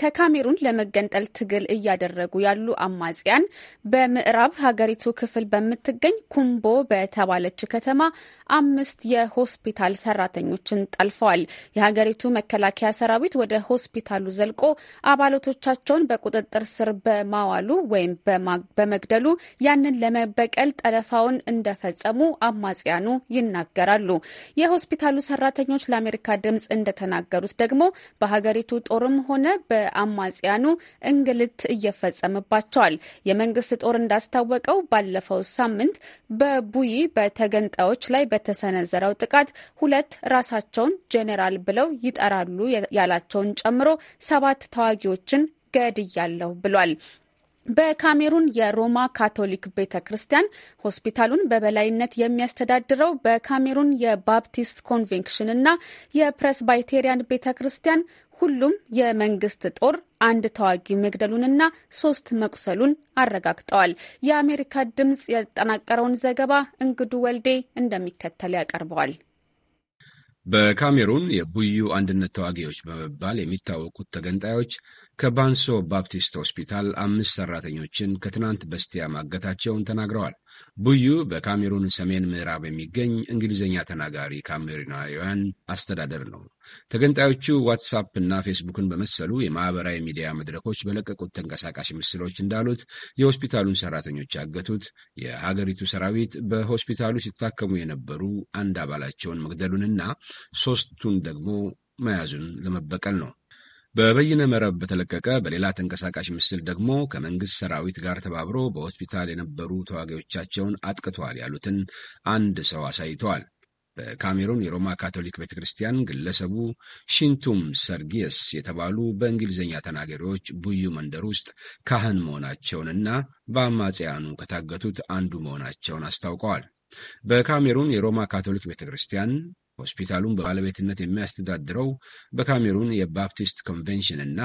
S1: ከካሜሩን ለመገንጠል ትግል እያደረጉ ያሉ አማጽያን በምዕራብ ሀገሪቱ ክፍል በምትገኝ ኩምቦ በተባለች ከተማ አምስት የሆስፒታል ሰራተኞችን ጠልፈዋል። የሀገሪቱ መከላከያ ሰራዊት ወደ ሆስፒታሉ ዘልቆ አባላቶቻቸውን በቁጥጥር ስር በማዋሉ ወይም በመግደሉ ያንን ለመበቀል ጠለፋውን እንደፈጸሙ አማጽያኑ ይናገራሉ። የሆስፒታሉ ሰራተኞች ለአሜሪካ ድምፅ እንደተናገሩት ደግሞ በሀገሪቱ ጦርም ሆነ በአማጽያኑ እንግልት እየፈጸምባቸዋል። የመንግስት ጦር እንዳስታወቀው ባለፈው ሳምንት በቡይ በተገንጣዮች ላይ በተሰነዘረው ጥቃት ሁለት ራሳቸውን ጄኔራል ብለው ይጠራሉ ያላቸውን ጨምሮ ሰባት ተዋጊዎችን ገድያለሁ ብሏል። በካሜሩን የሮማ ካቶሊክ ቤተ ክርስቲያን ሆስፒታሉን በበላይነት የሚያስተዳድረው በካሜሩን የባፕቲስት ኮንቬንሽን እና የፕሬስባይቴሪያን ቤተ ክርስቲያን ሁሉም የመንግስት ጦር አንድ ተዋጊ መግደሉንና ሶስት መቁሰሉን አረጋግጠዋል። የአሜሪካ ድምጽ ያጠናቀረውን ዘገባ እንግዱ ወልዴ እንደሚከተል ያቀርበዋል።
S9: በካሜሩን የቡዩ አንድነት ተዋጊዎች በመባል የሚታወቁት ተገንጣዮች ከባንሶ ባፕቲስት ሆስፒታል አምስት ሰራተኞችን ከትናንት በስቲያ ማገታቸውን ተናግረዋል። ቡዩ በካሜሩን ሰሜን ምዕራብ የሚገኝ እንግሊዝኛ ተናጋሪ ካሜሩናውያን አስተዳደር ነው። ተገንጣዮቹ ዋትሳፕ እና ፌስቡክን በመሰሉ የማኅበራዊ ሚዲያ መድረኮች በለቀቁት ተንቀሳቃሽ ምስሎች እንዳሉት የሆስፒታሉን ሠራተኞች ያገቱት፣ የሀገሪቱ ሰራዊት በሆስፒታሉ ሲታከሙ የነበሩ አንድ አባላቸውን መግደሉንና ሦስቱን ደግሞ መያዙን ለመበቀል ነው። በበይነ መረብ በተለቀቀ በሌላ ተንቀሳቃሽ ምስል ደግሞ ከመንግሥት ሰራዊት ጋር ተባብሮ በሆስፒታል የነበሩ ተዋጊዎቻቸውን አጥቅተዋል ያሉትን አንድ ሰው አሳይተዋል። በካሜሩን የሮማ ካቶሊክ ቤተ ክርስቲያን ግለሰቡ ሺንቱም ሰርጊየስ የተባሉ በእንግሊዝኛ ተናጋሪዎች ቡዩ መንደር ውስጥ ካህን መሆናቸውንና በአማጽያኑ ከታገቱት አንዱ መሆናቸውን አስታውቀዋል። በካሜሩን የሮማ ካቶሊክ ቤተ ክርስቲያን ሆስፒታሉን በባለቤትነት የሚያስተዳድረው በካሜሩን የባፕቲስት ኮንቬንሽን እና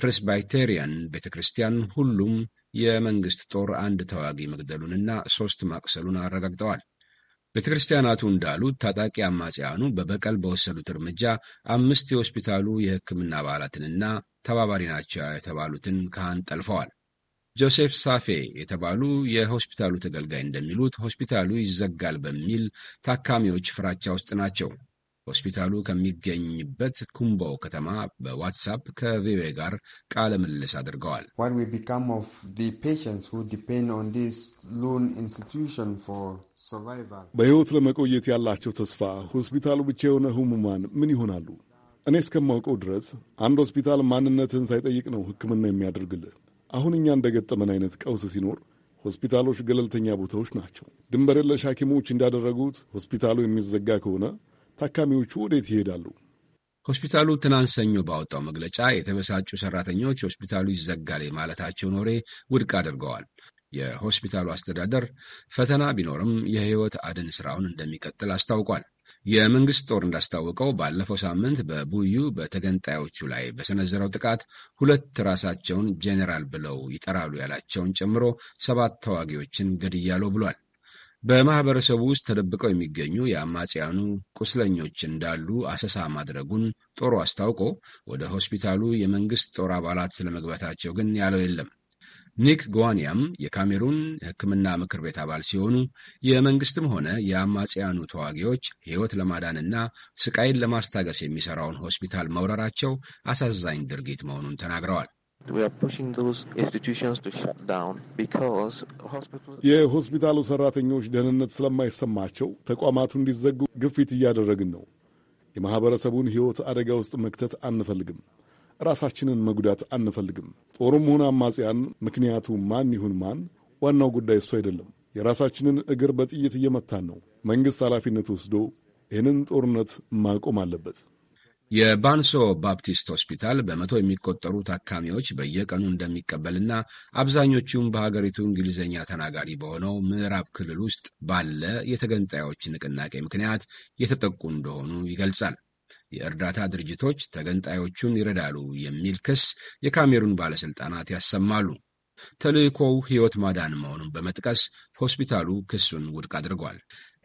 S9: ፕሬስባይቴሪያን ቤተ ክርስቲያን ሁሉም የመንግሥት ጦር አንድ ተዋጊ መግደሉንና ሦስት ማቅሰሉን አረጋግጠዋል። ቤተ ክርስቲያናቱ እንዳሉት ታጣቂ አማጽያኑ በበቀል በወሰዱት እርምጃ አምስት የሆስፒታሉ የሕክምና አባላትንና ተባባሪ ናቸው የተባሉትን ካህን ጠልፈዋል። ጆሴፍ ሳፌ የተባሉ የሆስፒታሉ ተገልጋይ እንደሚሉት ሆስፒታሉ ይዘጋል በሚል ታካሚዎች ፍራቻ ውስጥ ናቸው። ሆስፒታሉ ከሚገኝበት ኩምቦ ከተማ በዋትሳፕ ከቪኦኤ ጋር ቃለ ምልልስ አድርገዋል።
S5: በሕይወት ለመቆየት ያላቸው ተስፋ ሆስፒታሉ ብቻ የሆነ ህሙማን ምን ይሆናሉ? እኔ እስከማውቀው ድረስ አንድ ሆስፒታል ማንነትህን ሳይጠይቅ ነው ሕክምና የሚያደርግልህ። አሁን እኛ እንደገጠመን አይነት ቀውስ ሲኖር ሆስፒታሎች ገለልተኛ ቦታዎች ናቸው። ድንበር የለሽ ሐኪሞች እንዳደረጉት ሆስፒታሉ የሚዘጋ ከሆነ ታካሚዎቹ ወዴት
S9: ይሄዳሉ? ሆስፒታሉ ትናንት ሰኞ ባወጣው መግለጫ የተበሳጩ ሰራተኞች ሆስፒታሉ ይዘጋል ማለታቸውን ወሬ ውድቅ አድርገዋል። የሆስፒታሉ አስተዳደር ፈተና ቢኖርም የህይወት አድን ስራውን እንደሚቀጥል አስታውቋል። የመንግስት ጦር እንዳስታወቀው ባለፈው ሳምንት በቡዩ በተገንጣዮቹ ላይ በሰነዘረው ጥቃት ሁለት ራሳቸውን ጄኔራል ብለው ይጠራሉ ያላቸውን ጨምሮ ሰባት ተዋጊዎችን ገድያለው ብሏል። በማኅበረሰቡ ውስጥ ተደብቀው የሚገኙ የአማጽያኑ ቁስለኞች እንዳሉ አሰሳ ማድረጉን ጦሩ አስታውቆ ወደ ሆስፒታሉ የመንግሥት ጦር አባላት ስለመግባታቸው ግን ያለው የለም። ኒክ ጓንያም የካሜሩን ሕክምና ምክር ቤት አባል ሲሆኑ የመንግስትም ሆነ የአማጽያኑ ተዋጊዎች ሕይወት ለማዳንና ስቃይን ለማስታገስ የሚሰራውን ሆስፒታል መውረራቸው አሳዛኝ ድርጊት መሆኑን ተናግረዋል።
S5: የሆስፒታሉ ሰራተኞች ደህንነት ስለማይሰማቸው ተቋማቱ እንዲዘጉ ግፊት እያደረግን ነው። የማህበረሰቡን ሕይወት አደጋ ውስጥ መክተት አንፈልግም። ራሳችንን መጉዳት አንፈልግም። ጦሩም ሆነ አማጽያን፣ ምክንያቱ ማን ይሁን ማን፣ ዋናው ጉዳይ እሱ አይደለም። የራሳችንን እግር በጥይት እየመታን ነው። መንግሥት ኃላፊነት ወስዶ ይህንን ጦርነት ማቆም
S9: አለበት። የባንሶ ባፕቲስት ሆስፒታል በመቶ የሚቆጠሩ ታካሚዎች በየቀኑ እንደሚቀበልና አብዛኞቹም በሀገሪቱ እንግሊዝኛ ተናጋሪ በሆነው ምዕራብ ክልል ውስጥ ባለ የተገንጣዮች ንቅናቄ ምክንያት የተጠቁ እንደሆኑ ይገልጻል። የእርዳታ ድርጅቶች ተገንጣዮቹን ይረዳሉ የሚል ክስ የካሜሩን ባለሥልጣናት ያሰማሉ። ተልእኮው ሕይወት ማዳን መሆኑን በመጥቀስ ሆስፒታሉ ክሱን ውድቅ አድርጓል።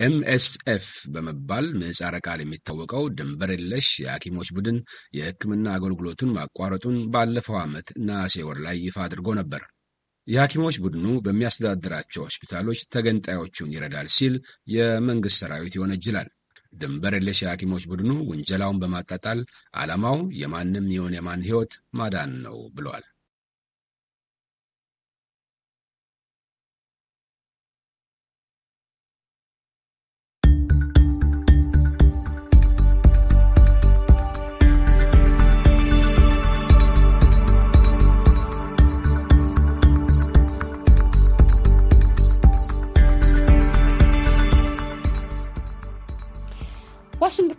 S9: ኤምኤስኤፍ በመባል ምህጻረ ቃል የሚታወቀው ድንበር የለሽ የሐኪሞች ቡድን የሕክምና አገልግሎቱን ማቋረጡን ባለፈው ዓመት ነሐሴ ወር ላይ ይፋ አድርጎ ነበር። የሐኪሞች ቡድኑ በሚያስተዳድራቸው ሆስፒታሎች ተገንጣዮቹን ይረዳል ሲል የመንግሥት ሰራዊት ይወነጅላል። ድንበር የለሽ የሐኪሞች ቡድኑ ውንጀላውን በማጣጣል ዓላማው የማንም ይሁን የማን ሕይወት ማዳን ነው ብሏል።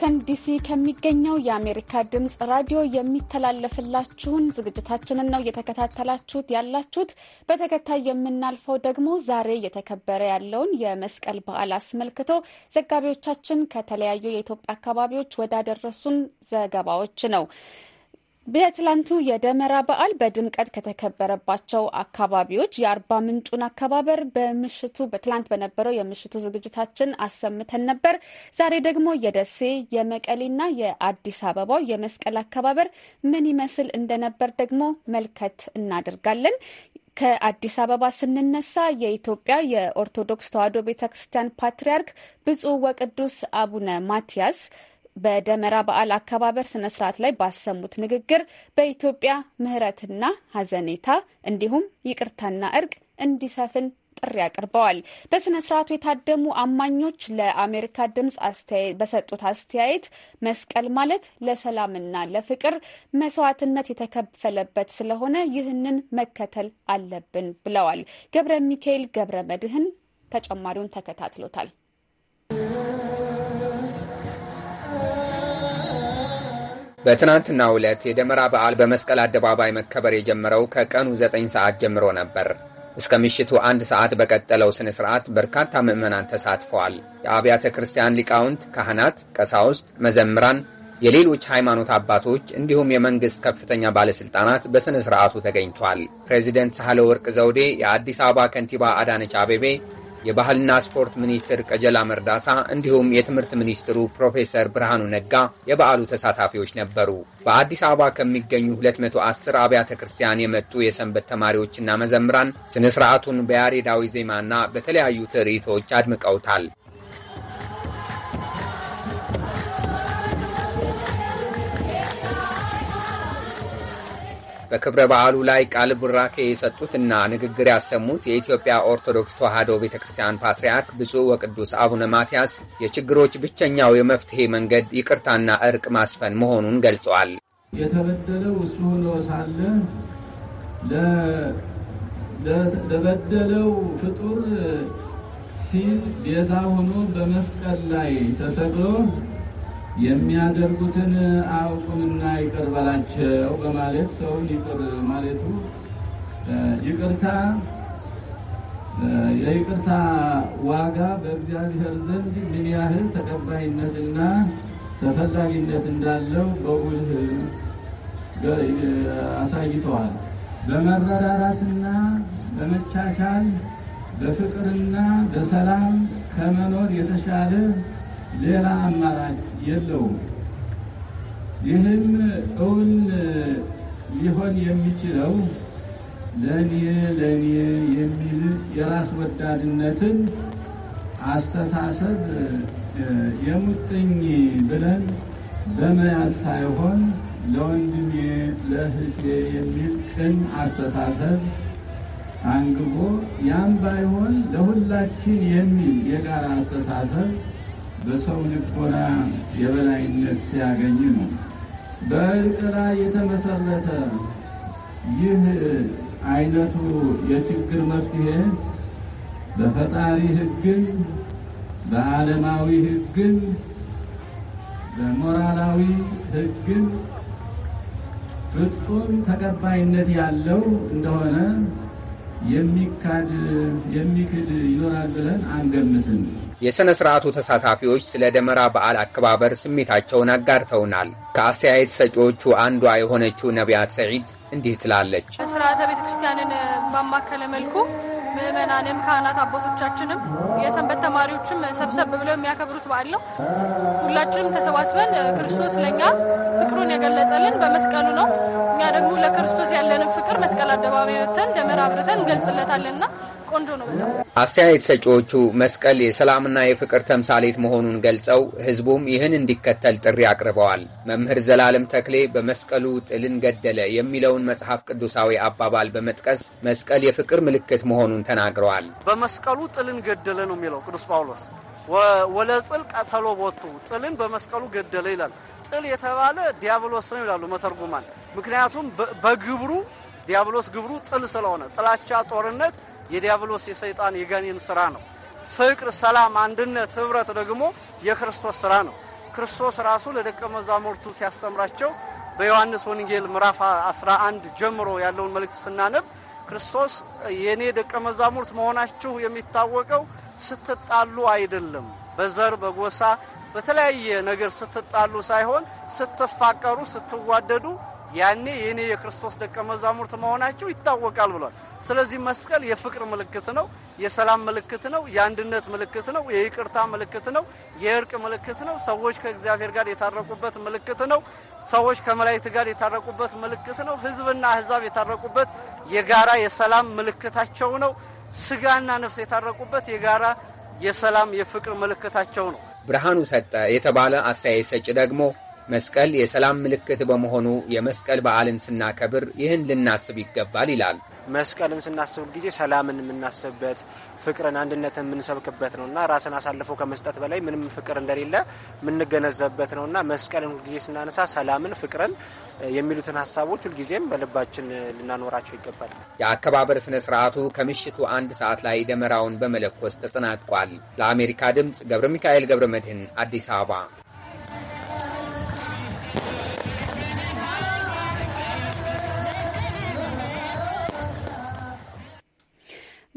S1: ዋሽንግተን ዲሲ ከሚገኘው የአሜሪካ ድምፅ ራዲዮ የሚተላለፍላችሁን ዝግጅታችንን ነው እየተከታተላችሁት ያላችሁት። በተከታይ የምናልፈው ደግሞ ዛሬ እየተከበረ ያለውን የመስቀል በዓል አስመልክቶ ዘጋቢዎቻችን ከተለያዩ የኢትዮጵያ አካባቢዎች ወዳደረሱን ዘገባዎች ነው። በትላንቱ የደመራ በዓል በድምቀት ከተከበረባቸው አካባቢዎች የአርባ ምንጩን አከባበር በምሽቱ በትላንት በነበረው የምሽቱ ዝግጅታችን አሰምተን ነበር። ዛሬ ደግሞ የደሴ የመቀሌና የአዲስ አበባው የመስቀል አከባበር ምን ይመስል እንደነበር ደግሞ መልከት እናደርጋለን። ከአዲስ አበባ ስንነሳ የኢትዮጵያ የኦርቶዶክስ ተዋሕዶ ቤተ ክርስቲያን ፓትርያርክ ብፁዕ ወቅዱስ አቡነ ማትያስ በደመራ በዓል አከባበር ስነ ስርዓት ላይ ባሰሙት ንግግር በኢትዮጵያ ምሕረትና ሀዘኔታ እንዲሁም ይቅርታና እርቅ እንዲሰፍን ጥሪ አቅርበዋል። በስነ ስርዓቱ የታደሙ አማኞች ለአሜሪካ ድምፅ በሰጡት አስተያየት መስቀል ማለት ለሰላምና ለፍቅር መስዋዕትነት የተከፈለበት ስለሆነ ይህንን መከተል አለብን ብለዋል። ገብረ ሚካኤል ገብረ መድህን ተጨማሪውን ተከታትሎታል።
S10: በትናንትናው ዕለት የደመራ በዓል በመስቀል አደባባይ መከበር የጀመረው ከቀኑ 9 ሰዓት ጀምሮ ነበር። እስከ ምሽቱ አንድ ሰዓት በቀጠለው ሥነ ሥርዓት በርካታ ምዕመናን ተሳትፈዋል። የአብያተ ክርስቲያን ሊቃውንት፣ ካህናት፣ ቀሳውስት፣ መዘምራን፣ የሌሎች ሃይማኖት አባቶች እንዲሁም የመንግሥት ከፍተኛ ባለሥልጣናት በሥነ ሥርዓቱ ተገኝቷል። ፕሬዚደንት ሳህለ ወርቅ ዘውዴ፣ የአዲስ አበባ ከንቲባ አዳነች አቤቤ የባህልና ስፖርት ሚኒስትር ቀጀላ መርዳሳ እንዲሁም የትምህርት ሚኒስትሩ ፕሮፌሰር ብርሃኑ ነጋ የበዓሉ ተሳታፊዎች ነበሩ። በአዲስ አበባ ከሚገኙ 210 አብያተ ክርስቲያን የመጡ የሰንበት ተማሪዎችና መዘምራን ስነ ስርዓቱን በያሬዳዊ ዜማና በተለያዩ ትርኢቶች አድምቀውታል። በክብረ በዓሉ ላይ ቃል ቡራኬ የሰጡት እና ንግግር ያሰሙት የኢትዮጵያ ኦርቶዶክስ ተዋሕዶ ቤተ ክርስቲያን ፓትርያርክ ብፁዕ ወቅዱስ አቡነ ማትያስ የችግሮች ብቸኛው የመፍትሄ መንገድ ይቅርታና እርቅ ማስፈን መሆኑን ገልጸዋል።
S11: የተበደለው እሱ ሆኖ ሳለ ለበደለው ፍጡር ሲል ቤታ ሆኖ በመስቀል ላይ ተሰቅሎ የሚያደርጉትን አያውቁምና ይቅር በላቸው በማለት ሰውን ይቅር ማለቱ ይቅርታ የይቅርታ ዋጋ በእግዚአብሔር ዘንድ ምን ያህል ተቀባይነትና ተፈላጊነት እንዳለው በጉልህ አሳይተዋል። በመረዳዳትና በመቻቻል በፍቅርና በሰላም ከመኖር የተሻለ ሌላ አማራጭ የለውም። ይህም እውን ሊሆን የሚችለው ለኔ ለኔ የሚል የራስ ወዳድነትን አስተሳሰብ የሙጥኝ ብለን በመያዝ ሳይሆን ለወንድሜ ለእህቴ የሚል ቅን አስተሳሰብ አንግቦ ያም ባይሆን ለሁላችን የሚል የጋራ አስተሳሰብ በሰው ልቦና የበላይነት ሲያገኝ ነው። በእርቅ ላይ የተመሰረተ ይህ አይነቱ የችግር መፍትሄ በፈጣሪ ሕግን በዓለማዊ ሕግን በሞራላዊ ሕግን ፍጹም ተቀባይነት ያለው እንደሆነ የሚካድ የሚክድ ይኖራል ብለን አንገምትም።
S10: የሥነ ሥርዓቱ ተሳታፊዎች ስለ ደመራ በዓል አከባበር ስሜታቸውን አጋርተውናል። ከአስተያየት ሰጪዎቹ አንዷ የሆነችው ነቢያት ሰዒድ እንዲህ ትላለች።
S1: ስርዓተ ቤተ ክርስቲያንን ባማከለ መልኩ ምዕመናንም ካህናት አባቶቻችንም የሰንበት ተማሪዎችም ሰብሰብ ብለው የሚያከብሩት በዓል ነው። ሁላችንም ተሰባስበን ክርስቶስ ለእኛ ፍቅሩን የገለጸልን በመስቀሉ ነው። እኛ ደግሞ ለክርስቶስ ያለንን ፍቅር መስቀል አደባባይ ወጥተን ደመራ አብርተን እንገልጽለታለንና ቆንጆ ነው።
S10: አስተያየት ሰጪዎቹ መስቀል የሰላምና የፍቅር ተምሳሌት መሆኑን ገልጸው ህዝቡም ይህን እንዲከተል ጥሪ አቅርበዋል። መምህር ዘላለም ተክሌ በመስቀሉ ጥልን ገደለ የሚለውን መጽሐፍ ቅዱሳዊ አባባል በመጥቀስ መስቀል የፍቅር ምልክት መሆኑን ተናግረዋል።
S12: በመስቀሉ ጥልን ገደለ ነው የሚለው ቅዱስ ጳውሎስ ጽል ቀተሎ ቦቱ ጥልን በመስቀሉ ገደለ ይላል። ጥል የተባለ ዲያብሎስ ነው ይላሉ መተርጉማን። ምክንያቱም በግብሩ ዲያብሎስ ግብሩ ጥል ስለሆነ ጥላቻ፣ ጦርነት የዲያብሎስ የሰይጣን የጋኔን ስራ ነው። ፍቅር፣ ሰላም፣ አንድነት፣ ህብረት ደግሞ የክርስቶስ ስራ ነው። ክርስቶስ ራሱ ለደቀ መዛሙርቱ ሲያስተምራቸው በዮሐንስ ወንጌል ምዕራፍ 11 ጀምሮ ያለውን መልእክት ስናነብ ክርስቶስ የእኔ ደቀ መዛሙርት መሆናችሁ የሚታወቀው ስትጣሉ አይደለም፣ በዘር በጎሳ በተለያየ ነገር ስትጣሉ ሳይሆን ስትፋቀሩ፣ ስትዋደዱ ያኔ የእኔ የክርስቶስ ደቀ መዛሙርት መሆናቸው ይታወቃል ብሏል። ስለዚህ መስቀል የፍቅር ምልክት ነው፣ የሰላም ምልክት ነው፣ የአንድነት ምልክት ነው፣ የይቅርታ ምልክት ነው፣ የእርቅ ምልክት ነው፣ ሰዎች ከእግዚአብሔር ጋር የታረቁበት ምልክት ነው፣ ሰዎች ከመላእክት ጋር የታረቁበት ምልክት ነው፣ ህዝብና አህዛብ የታረቁበት የጋራ የሰላም ምልክታቸው ነው፣ ስጋና ነፍስ የታረቁበት የጋራ የሰላም የፍቅር ምልክታቸው ነው።
S10: ብርሃኑ ሰጠ የተባለ አስተያየት ሰጪ ደግሞ መስቀል የሰላም ምልክት በመሆኑ የመስቀል በዓልን ስናከብር ይህን ልናስብ ይገባል ይላል።
S12: መስቀልን ስናስብ ጊዜ ሰላምን የምናስብበት ፍቅርን፣ አንድነትን የምንሰብክበት እና ራስን አሳልፎ ከመስጠት በላይ ምንም ፍቅር እንደሌለ የምንገነዘብበት እና መስቀልን ሁልጊዜ ስናነሳ ሰላምን፣ ፍቅርን የሚሉትን ሀሳቦች ሁልጊዜም በልባችን ልናኖራቸው ይገባል።
S10: የአከባበር ስነ ስርዓቱ ከምሽቱ አንድ ሰዓት ላይ ደመራውን በመለኮስ ተጠናቋል። ለአሜሪካ ድምፅ ገብረ ሚካኤል ገብረ መድህን አዲስ አበባ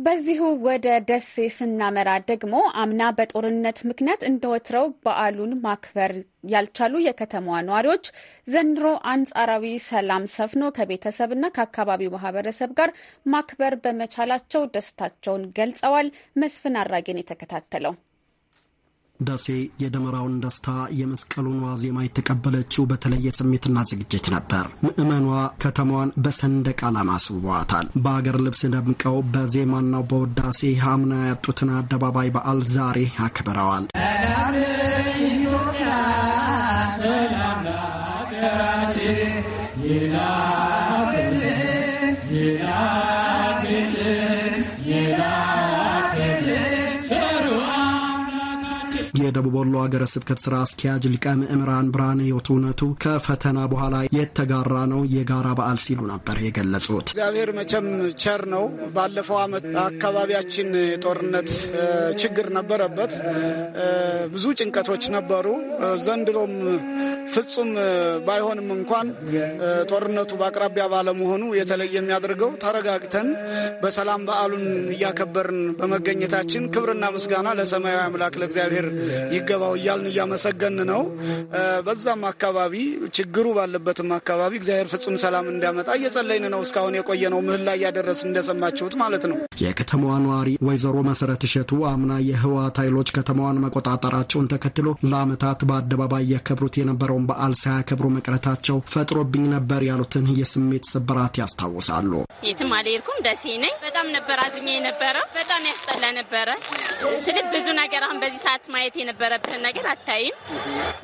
S1: በዚሁ ወደ ደሴ ስናመራ ደግሞ አምና በጦርነት ምክንያት እንደወትረው በዓሉን ማክበር ያልቻሉ የከተማዋ ነዋሪዎች ዘንድሮ አንጻራዊ ሰላም ሰፍኖ ከቤተሰብና ከአካባቢው ማህበረሰብ ጋር ማክበር በመቻላቸው ደስታቸውን ገልጸዋል። መስፍን አራጌን የተከታተለው
S13: ደሴ የደመራውን ደስታ የመስቀሉን ዋዜማ የተቀበለችው በተለየ ስሜትና ዝግጅት ነበር። ምዕመኗ ከተማዋን በሰንደቅ ዓላማ አስውበዋታል። በአገር ልብስ ደምቀው በዜማና በውዳሴ አምና ያጡትን አደባባይ በዓል ዛሬ አክብረዋል።
S2: ሰላም
S13: የደቡብ ወሎ ሀገረ ስብከት ስራ አስኪያጅ ሊቀ ምዕምራን ብርሃነ እውነቱ ከፈተና በኋላ የተጋራ ነው የጋራ በዓል ሲሉ ነበር የገለጹት።
S14: እግዚአብሔር መቼም ቸር ነው። ባለፈው ዓመት አካባቢያችን የጦርነት ችግር ነበረበት፣ ብዙ ጭንቀቶች ነበሩ። ዘንድሮም ፍጹም ባይሆንም እንኳን ጦርነቱ በአቅራቢያ ባለመሆኑ የተለየ የሚያደርገው ተረጋግተን በሰላም በዓሉን እያከበርን በመገኘታችን ክብርና ምስጋና ለሰማያዊ አምላክ ለእግዚአብሔር ይገባው እያልን እያመሰገን ነው። በዛም አካባቢ ችግሩ ባለበትም አካባቢ እግዚአብሔር ፍጹም ሰላም እንዲያመጣ እየጸለይን ነው። እስካሁን የቆየ ነው ላይ እያደረስን እንደሰማችሁት ማለት ነው።
S13: የከተማዋ ነዋሪ ወይዘሮ መሰረት እሸቱ አምና የህወሓት ኃይሎች ከተማዋን መቆጣጠራቸውን ተከትሎ ለአመታት በአደባባይ ያከብሩት የነበረውን በዓል ሳያከብሩ መቅረታቸው ፈጥሮብኝ ነበር ያሉትን የስሜት ስብራት ያስታውሳሉ።
S1: የትም አልሄድኩም፣ ደሴ ነኝ። በጣም ነበር አዝኜ ነበረ። በጣም ያስጠላ ነበረ ስል ብዙ ነገር አሁን በዚህ ሰዓት ማየት የነበረብህን ነገር አታይም።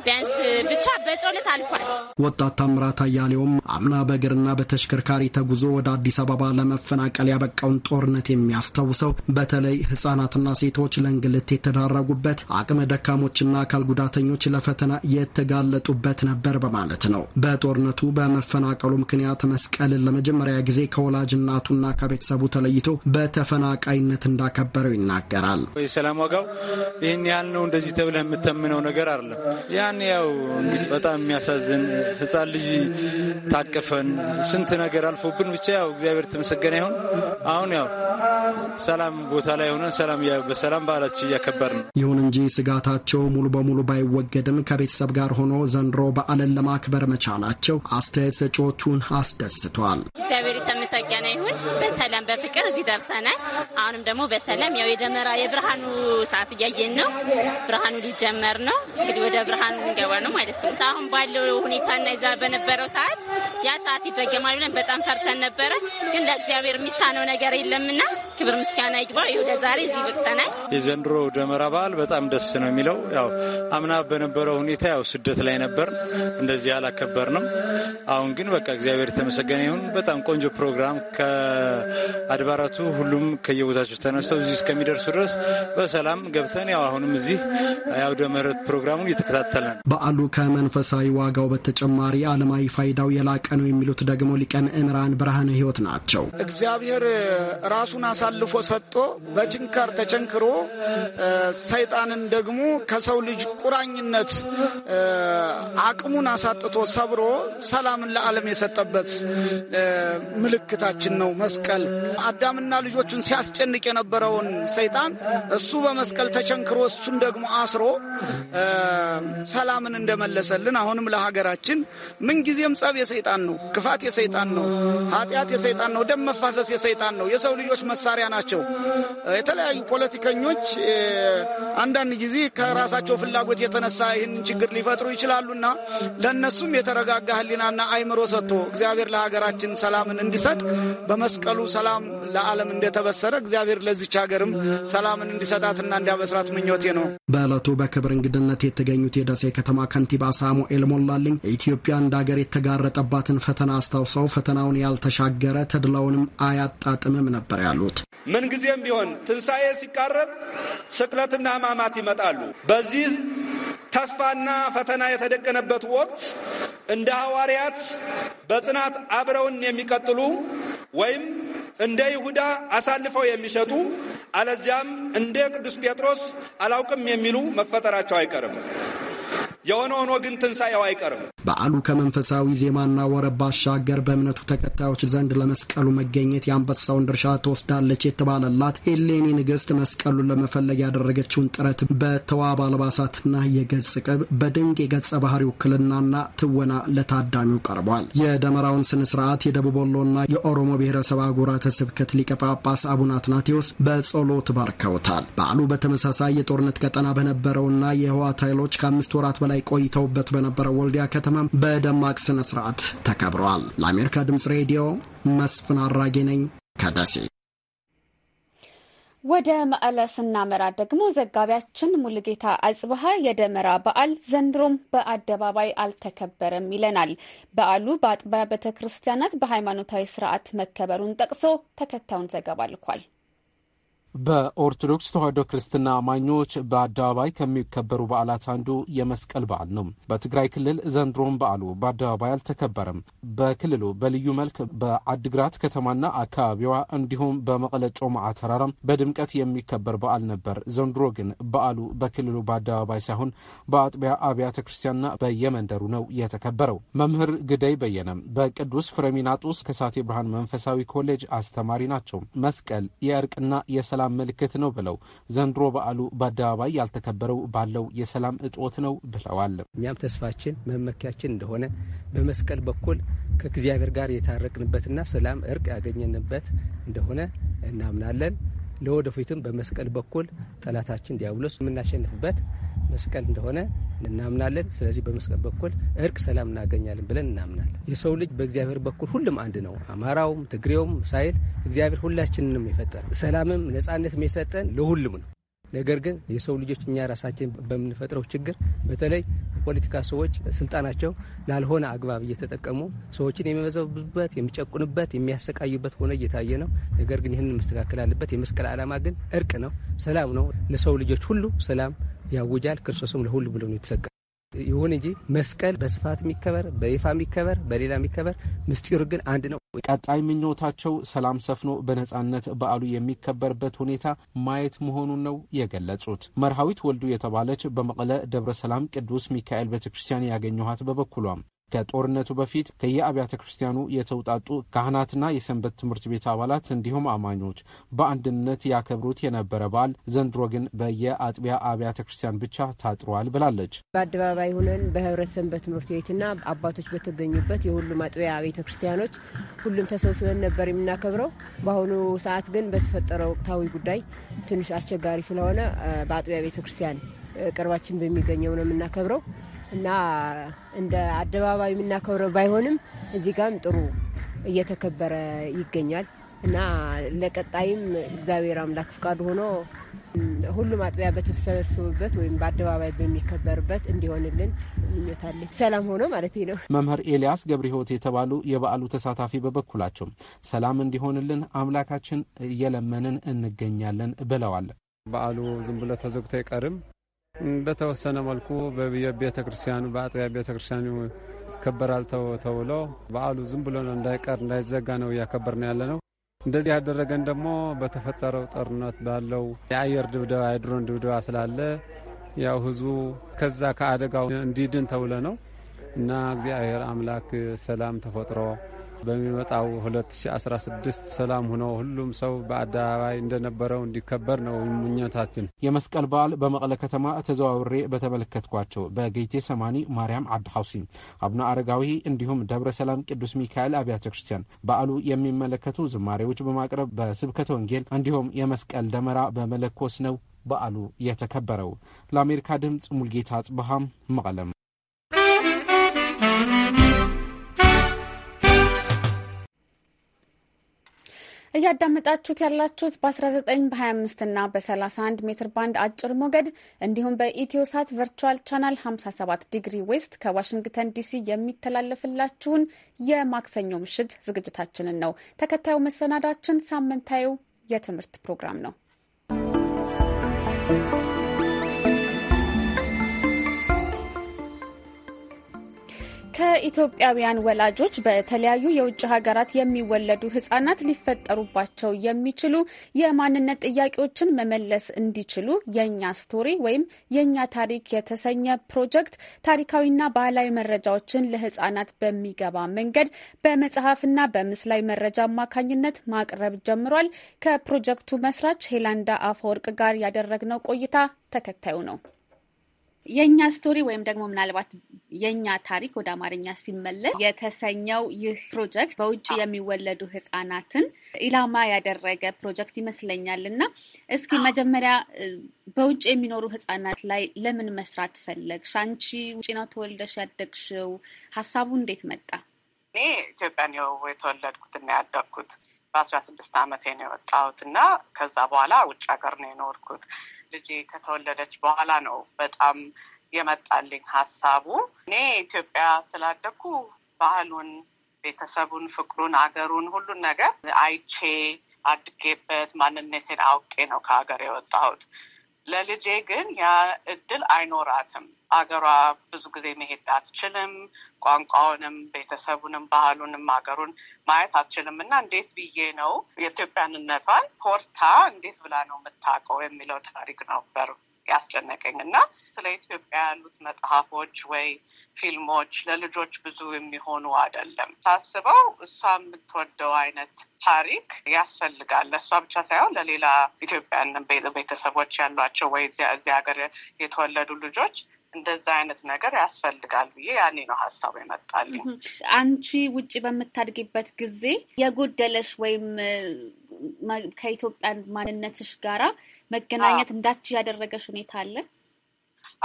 S1: ቢያንስ ብቻ በጸሎት አልፏል።
S13: ወጣት ታምራት አያሌውም አምና በእግርና በተሽከርካሪ ተጉዞ ወደ አዲስ አበባ ለመፈናቀል ያበቃውን ጦርነት የሚያስታውሰው በተለይ ህጻናትና ሴቶች ለእንግልት የተዳረጉበት አቅመ ደካሞችና አካል ጉዳተኞች ለፈተና የተጋለጡበት ነበር በማለት ነው። በጦርነቱ በመፈናቀሉ ምክንያት መስቀልን ለመጀመሪያ ጊዜ ከወላጅ እናቱና ከቤተሰቡ ተለይቶ በተፈናቃይነት እንዳከበረው ይናገራል። የሰላም ዋጋው
S3: ይህን ያህል ነው እንደዚህ እንደዚህ ተብለህ የምተምነው ነገር አይደለም። ያን ያው እንግዲህ በጣም የሚያሳዝን ህፃን ልጅ ታቅፈን ስንት ነገር አልፎብን ብቻ ያው እግዚአብሔር ተመሰገነ ይሁን። አሁን ያው ሰላም ቦታ ላይ ሆነን ሰላም በሰላም በዓላችን እያከበር
S13: ነው። ይሁን እንጂ ስጋታቸው ሙሉ በሙሉ ባይወገድም ከቤተሰብ ጋር ሆኖ ዘንድሮ በዓልን ለማክበር መቻላቸው አስተያየት ሰጪዎቹን አስደስቷል።
S1: እግዚአብሔር የተመሰገነ ይሁን። በሰላም በፍቅር እዚህ ደርሰናል። አሁንም ደግሞ በሰላም ያው የደመራ የብርሃኑ ሰዓት እያየን ነው። ብርሃኑ ሊጀመር ነው። እንግዲህ ወደ ብርሃኑ ልንገባ ነው ማለት ነው። አሁን ባለው ሁኔታና ይዛ በነበረው ሰዓት ያ ሰዓት ይደገማል ብለን በጣም ፈርተን ነበረ። ግን ለእግዚአብሔር የሚሳነው ነገር የለምና ክብር ምስጋና ይግባ። ይሁደ ዛሬ እዚህ በቅተናል።
S3: የዘንድሮ ደመራ በዓል በጣም ደስ ነው የሚለው ያው አምና በነበረው ሁኔታ ያው ስደት ላይ ነበር እንደዚህ አላከበርንም። አሁን ግን በቃ እግዚአብሔር የተመሰገነ ይሁን። በጣም ቆንጆ ፕሮግራም ከአድባራቱ ሁሉም ከየቦታቸው ተነስተው እዚህ እስከሚደርሱ ድረስ በሰላም ገብተን ያው አሁንም እዚህ ያው ደመረት ፕሮግራሙን እየተከታተለ ነው።
S13: በዓሉ ከመንፈሳዊ ዋጋው በተጨማሪ ዓለማዊ ፋይዳው የላቀ ነው የሚሉት ደግሞ ሊቀ ምዕምራን ብርሃነ ሕይወት ናቸው።
S14: እግዚአብሔር ራሱን አሳ አሳልፎ ሰጥቶ በችንካር ተቸንክሮ ሰይጣንን ደግሞ ከሰው ልጅ ቁራኝነት አቅሙን አሳጥቶ ሰብሮ ሰላምን ለዓለም የሰጠበት ምልክታችን ነው መስቀል። አዳምና ልጆቹን ሲያስጨንቅ የነበረውን ሰይጣን እሱ በመስቀል ተቸንክሮ እሱን ደግሞ አስሮ ሰላምን እንደመለሰልን አሁንም ለሀገራችን ምንጊዜም ጸብ የሰይጣን ነው፣ ክፋት የሰይጣን ነው፣ ኃጢአት የሰይጣን ነው፣ ደም መፋሰስ የሰይጣን ነው። የሰው ልጆች መሳሪያ መሳሪያ ናቸው። የተለያዩ ፖለቲከኞች አንዳንድ ጊዜ ከራሳቸው ፍላጎት የተነሳ ይህንን ችግር ሊፈጥሩ ይችላሉና ለእነሱም የተረጋጋ ሕሊናና አይምሮ ሰጥቶ እግዚአብሔር ለሀገራችን ሰላምን እንዲሰጥ በመስቀሉ ሰላም ለዓለም እንደተበሰረ እግዚአብሔር ለዚች ሀገርም ሰላምን እንዲሰጣትና እንዲያበስራት ምኞቴ ነው።
S13: በዕለቱ በክብር እንግድነት የተገኙት የደሴ ከተማ ከንቲባ ሳሙኤል ሞላልኝ ኢትዮጵያ እንደ ሀገር የተጋረጠባትን ፈተና አስታውሰው ፈተናውን ያልተሻገረ ተድላውንም አያጣጥምም ነበር ያሉት።
S14: ምንጊዜም ቢሆን ትንሣኤ ሲቃረብ ስቅለትና ሕማማት ይመጣሉ። በዚህ ተስፋና ፈተና የተደቀነበት ወቅት እንደ ሐዋርያት በጽናት አብረውን የሚቀጥሉ ወይም እንደ ይሁዳ አሳልፈው የሚሸጡ አለዚያም እንደ ቅዱስ ጴጥሮስ አላውቅም የሚሉ መፈጠራቸው አይቀርም። የሆነ ሆኖ ግን ትንሣኤው አይቀርም።
S13: በዓሉ ከመንፈሳዊ ዜማና ወረብ ባሻገር በእምነቱ ተከታዮች ዘንድ ለመስቀሉ መገኘት የአንበሳውን ድርሻ ትወስዳለች የተባለላት ኤሌኒ ንግሥት መስቀሉን ለመፈለግ ያደረገችውን ጥረት በተዋበ አልባሳትና የገጽ ቅብ በድንቅ የገጸ ባህሪ ውክልናና ትወና ለታዳሚው ቀርቧል። የደመራውን ስነ ስርዓት የደቡብ ወሎና የኦሮሞ ብሔረሰብ አህጉራተ ስብከት ሊቀ ጳጳስ አቡነ አትናቴዎስ በጸሎት ባርከውታል። በዓሉ በተመሳሳይ የጦርነት ቀጠና በነበረውና የህወሓት ኃይሎች ከአምስት ወራት በላይ ቆይተውበት በነበረው ወልዲያ ከተማ በደማቅ ስነ ስርዓት ተከብረዋል። ለአሜሪካ ድምጽ ሬዲዮ መስፍን አራጌ ነኝ
S1: ከደሴ። ወደ መቀለ ስናመራ ደግሞ ዘጋቢያችን ሙልጌታ አጽብሃ የደመራ በዓል ዘንድሮም በአደባባይ አልተከበረም ይለናል። በዓሉ በአጥቢያ ቤተ ክርስቲያናት በሃይማኖታዊ ስርዓት መከበሩን ጠቅሶ ተከታዩን ዘገባ ልኳል።
S4: በኦርቶዶክስ ተዋሕዶ ክርስትና አማኞች በአደባባይ ከሚከበሩ በዓላት አንዱ የመስቀል በዓል ነው። በትግራይ ክልል ዘንድሮም በዓሉ በአደባባይ አልተከበረም። በክልሉ በልዩ መልክ በአድግራት ከተማና አካባቢዋ እንዲሁም በመቀለ ጮማዓ ተራራም በድምቀት የሚከበር በዓል ነበር። ዘንድሮ ግን በዓሉ በክልሉ በአደባባይ ሳይሆን በአጥቢያ አብያተ ክርስቲያንና በየመንደሩ ነው የተከበረው። መምህር ግደይ በየነም በቅዱስ ፍሬሚናጡስ ከሳቴ ብርሃን መንፈሳዊ ኮሌጅ አስተማሪ ናቸው። መስቀል የእርቅና የሰ የሰላም ምልክት ነው ብለው ዘንድሮ በዓሉ በአደባባይ ያልተከበረው ባለው የሰላም እጦት ነው ብለዋል። እኛም ተስፋችን መመኪያችን እንደሆነ በመስቀል በኩል ከእግዚአብሔር ጋር የታረቅንበትና ሰላም እርቅ ያገኘንበት እንደሆነ እናምናለን። ለወደፊትም በመስቀል በኩል ጠላታችን ዲያብሎስ የምናሸንፍበት መስቀል እንደሆነ እናምናለን። ስለዚህ በመስቀል በኩል እርቅ፣ ሰላም እናገኛለን ብለን እናምናለን። የሰው ልጅ በእግዚአብሔር በኩል ሁሉም አንድ ነው። አማራውም ትግሬውም ሳይል እግዚአብሔር ሁላችንንም የፈጠረ ሰላምም ነጻነትም የሰጠን ለሁሉም ነው። ነገር ግን የሰው ልጆች እኛ ራሳችን በምንፈጥረው ችግር በተለይ ፖለቲካ ሰዎች ስልጣናቸው ላልሆነ አግባብ እየተጠቀሙ ሰዎችን የሚበዘብዙበት የሚጨቁንበት፣ የሚያሰቃዩበት ሆነ እየታየ ነው። ነገር ግን ይህንን መስተካከል አለበት። የመስቀል ዓላማ ግን እርቅ ነው፣ ሰላም ነው። ለሰው ልጆች ሁሉ ሰላም ያውጃል። ክርስቶስም ለሁሉ ብሎ ነው የተሰቀ ይሁን እንጂ መስቀል በስፋት የሚከበር በይፋ የሚከበር በሌላ የሚከበር ምስጢሩ ግን አንድ ነው። ቀጣይ ምኞታቸው ሰላም ሰፍኖ በነጻነት በዓሉ የሚከበርበት ሁኔታ ማየት መሆኑን ነው የገለጹት። መርሃዊት ወልዱ የተባለች በመቀለ ደብረ ሰላም ቅዱስ ሚካኤል ቤተ ክርስቲያን ያገኘኋት በበኩሏም ከጦርነቱ በፊት ከየአብያተ ክርስቲያኑ የተውጣጡ ካህናትና የሰንበት ትምህርት ቤት አባላት እንዲሁም አማኞች በአንድነት ያከብሩት የነበረ በዓል ዘንድሮ ግን በየአጥቢያ አብያተ ክርስቲያን ብቻ ታጥሯል ብላለች።
S10: በአደባባይ ሆነን በህብረት ሰንበት ትምህርት ቤትና
S7: አባቶች በተገኙበት የሁሉም አጥቢያ ቤተ ክርስቲያኖች ሁሉም ተሰብስበን ነበር የምናከብረው። በአሁኑ ሰዓት ግን በተፈጠረው ወቅታዊ ጉዳይ ትንሽ አስቸጋሪ ስለሆነ በአጥቢያ ቤተ ክርስቲያን ቅርባችን በሚገኘው ነው የምናከብረው። እና እንደ አደባባይ የምናከብረው ባይሆንም እዚህ ጋም ጥሩ እየተከበረ ይገኛል እና ለቀጣይም እግዚአብሔር አምላክ ፍቃዱ ሆኖ ሁሉም አጥቢያ በተሰበሰቡበት ወይም በአደባባይ በሚከበርበት እንዲሆንልን ምኞታለን። ሰላም ሆኖ ማለት ነው።
S4: መምህር ኤልያስ ገብረ ሕይወት የተባሉ የበዓሉ ተሳታፊ በበኩላቸው ሰላም እንዲሆንልን አምላካችን እየለመንን እንገኛለን ብለዋል። በዓሉ ዝም ብሎ ተዘግቶ አይቀርም። በተወሰነ መልኩ በቤተ ክርስቲያኑ በአጥቢያ ቤተ ክርስቲያኑ ይከበራል ተብሎ በዓሉ ዝም ብሎ እንዳይቀር እንዳይዘጋ ነው እያከበር ነው ያለ ነው። እንደዚህ ያደረገን ደግሞ በተፈጠረው ጦርነት ባለው የአየር ድብደባ የድሮን ድብደባ ስላለ ያው ህዝቡ ከዛ ከአደጋው እንዲድን ተብለ ነው እና እግዚአብሔር አምላክ ሰላም ተፈጥሮ በሚመጣው 2016 ሰላም ሆኖ ሁሉም ሰው በአደባባይ እንደነበረው እንዲከበር ነው ምኞታችን። የመስቀል በዓል በመቀለ ከተማ ተዘዋውሬ በተመለከትኳቸው በጌቴ ሰማኒ ማርያም አድ ሐውሲ አቡነ አረጋዊ እንዲሁም ደብረ ሰላም ቅዱስ ሚካኤል አብያተ ክርስቲያን በዓሉ የሚመለከቱ ዝማሬዎች በማቅረብ በስብከተ ወንጌል እንዲሁም የመስቀል ደመራ በመለኮስ ነው በዓሉ የተከበረው። ለአሜሪካ ድምፅ ሙልጌታ አጽብሃም መቀለም
S1: እያዳመጣችሁት ያላችሁት በ19 በ25 እና በ31 ሜትር ባንድ አጭር ሞገድ እንዲሁም በኢትዮሳት ቨርቹዋል ቻናል 57 ዲግሪ ዌስት ከዋሽንግተን ዲሲ የሚተላለፍላችሁን የማክሰኞ ምሽት ዝግጅታችንን ነው። ተከታዩ መሰናዳችን ሳምንታዊው የትምህርት ፕሮግራም ነው። ከኢትዮጵያውያን ወላጆች በተለያዩ የውጭ ሀገራት የሚወለዱ ህጻናት ሊፈጠሩባቸው የሚችሉ የማንነት ጥያቄዎችን መመለስ እንዲችሉ የእኛ ስቶሪ ወይም የእኛ ታሪክ የተሰኘ ፕሮጀክት ታሪካዊና ባህላዊ መረጃዎችን ለህጻናት በሚገባ መንገድ በመጽሐፍና በምስላዊ መረጃ አማካኝነት ማቅረብ ጀምሯል። ከፕሮጀክቱ መስራች ሄላንዳ አፈወርቅ ጋር ያደረግነው ቆይታ ተከታዩ ነው። የእኛ ስቶሪ ወይም ደግሞ ምናልባት የእኛ ታሪክ ወደ አማርኛ ሲመለስ የተሰኘው ይህ ፕሮጀክት በውጭ የሚወለዱ ህጻናትን ኢላማ ያደረገ ፕሮጀክት ይመስለኛል እና እስኪ መጀመሪያ በውጭ የሚኖሩ ህጻናት ላይ ለምን መስራት ፈለግሽ? አንቺ ውጭ ነው ተወልደሽ ያደግሽው። ሀሳቡ እንዴት መጣ?
S6: እኔ ኢትዮጵያ ነው የተወለድኩትና ያደግኩት። በአስራ ስድስት አመቴ ነው የወጣሁት እና ከዛ በኋላ ውጭ ሀገር ነው የኖርኩት ልጄ ከተወለደች በኋላ ነው በጣም የመጣልኝ ሀሳቡ። እኔ ኢትዮጵያ ስላደኩ ባህሉን፣ ቤተሰቡን፣ ፍቅሩን፣ አገሩን፣ ሁሉን ነገር አይቼ አድጌበት ማንነቴን አውቄ ነው ከሀገር የወጣሁት። ለልጄ ግን ያ እድል አይኖራትም። አገሯ ብዙ ጊዜ መሄድ አትችልም። ቋንቋውንም፣ ቤተሰቡንም፣ ባህሉንም አገሩን ማየት አትችልም እና እንዴት ብዬ ነው የኢትዮጵያንነቷን ፖርታ እንዴት ብላ ነው የምታውቀው የሚለው ታሪክ ነበር ያስጨነቀኝ እና ስለ ኢትዮጵያ ያሉት መጽሐፎች ወይ ፊልሞች ለልጆች ብዙ የሚሆኑ አይደለም። ሳስበው እሷ የምትወደው አይነት ታሪክ ያስፈልጋል። ለእሷ ብቻ ሳይሆን ለሌላ ኢትዮጵያን ቤተሰቦች ያሏቸው ወይ እዚህ ሀገር የተወለዱ ልጆች እንደዛ አይነት ነገር ያስፈልጋል ብዬ ያኔ ነው ሀሳቡ ይመጣልኝ።
S1: አንቺ ውጭ በምታድጊበት ጊዜ የጎደለሽ ወይም ከኢትዮጵያ ማንነትሽ ጋራ መገናኘት እንዳች ያደረገሽ ሁኔታ አለ?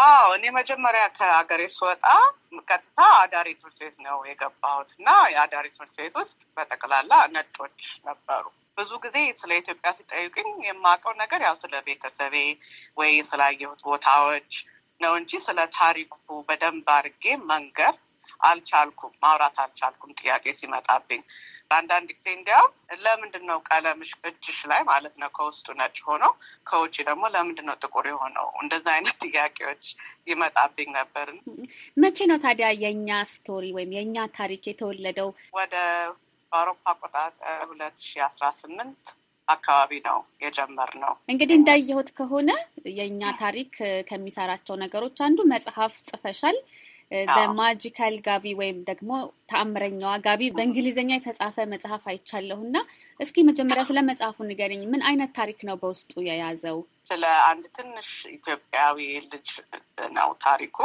S6: አዎ እኔ መጀመሪያ ከሀገሬ ስወጣ ቀጥታ አዳሪ ትምህርት ቤት ነው የገባሁት እና የአዳሪ ትምህርት ቤት ውስጥ በጠቅላላ ነጮች ነበሩ። ብዙ ጊዜ ስለ ኢትዮጵያ ሲጠይቅኝ የማውቀው ነገር ያው ስለ ቤተሰቤ ወይ ስላየሁት ቦታዎች ነው እንጂ ስለ ታሪኩ በደንብ አድርጌ መንገር አልቻልኩም፣ ማውራት አልቻልኩም ጥያቄ ሲመጣብኝ። አንዳንድ ጊዜ እንዲያውም ለምንድን ነው ቀለምሽ እጅሽ ላይ ማለት ነው ከውስጡ ነጭ ሆኖ ከውጭ ደግሞ ለምንድን ነው ጥቁር የሆነው? እንደዛ አይነት ጥያቄዎች ይመጣብኝ ነበር።
S1: መቼ ነው ታዲያ የእኛ ስቶሪ ወይም የእኛ ታሪክ የተወለደው?
S6: ወደ በአውሮፓ አቆጣጠር ሁለት ሺ አስራ ስምንት አካባቢ ነው ነው።
S1: እንግዲህ እንዳየሁት ከሆነ የእኛ ታሪክ ከሚሰራቸው ነገሮች አንዱ መጽሐፍ ጽፈሻል። በማጂካል ጋቢ ወይም ደግሞ ተአምረኛዋ ጋቢ በእንግሊዝኛ የተጻፈ መጽሐፍ አይቻለሁ እና እስኪ መጀመሪያ ስለ መጽሐፉ ንገረኝ። ምን አይነት ታሪክ ነው በውስጡ የያዘው?
S6: ስለ አንድ ትንሽ ኢትዮጵያዊ ልጅ ነው ታሪኩ።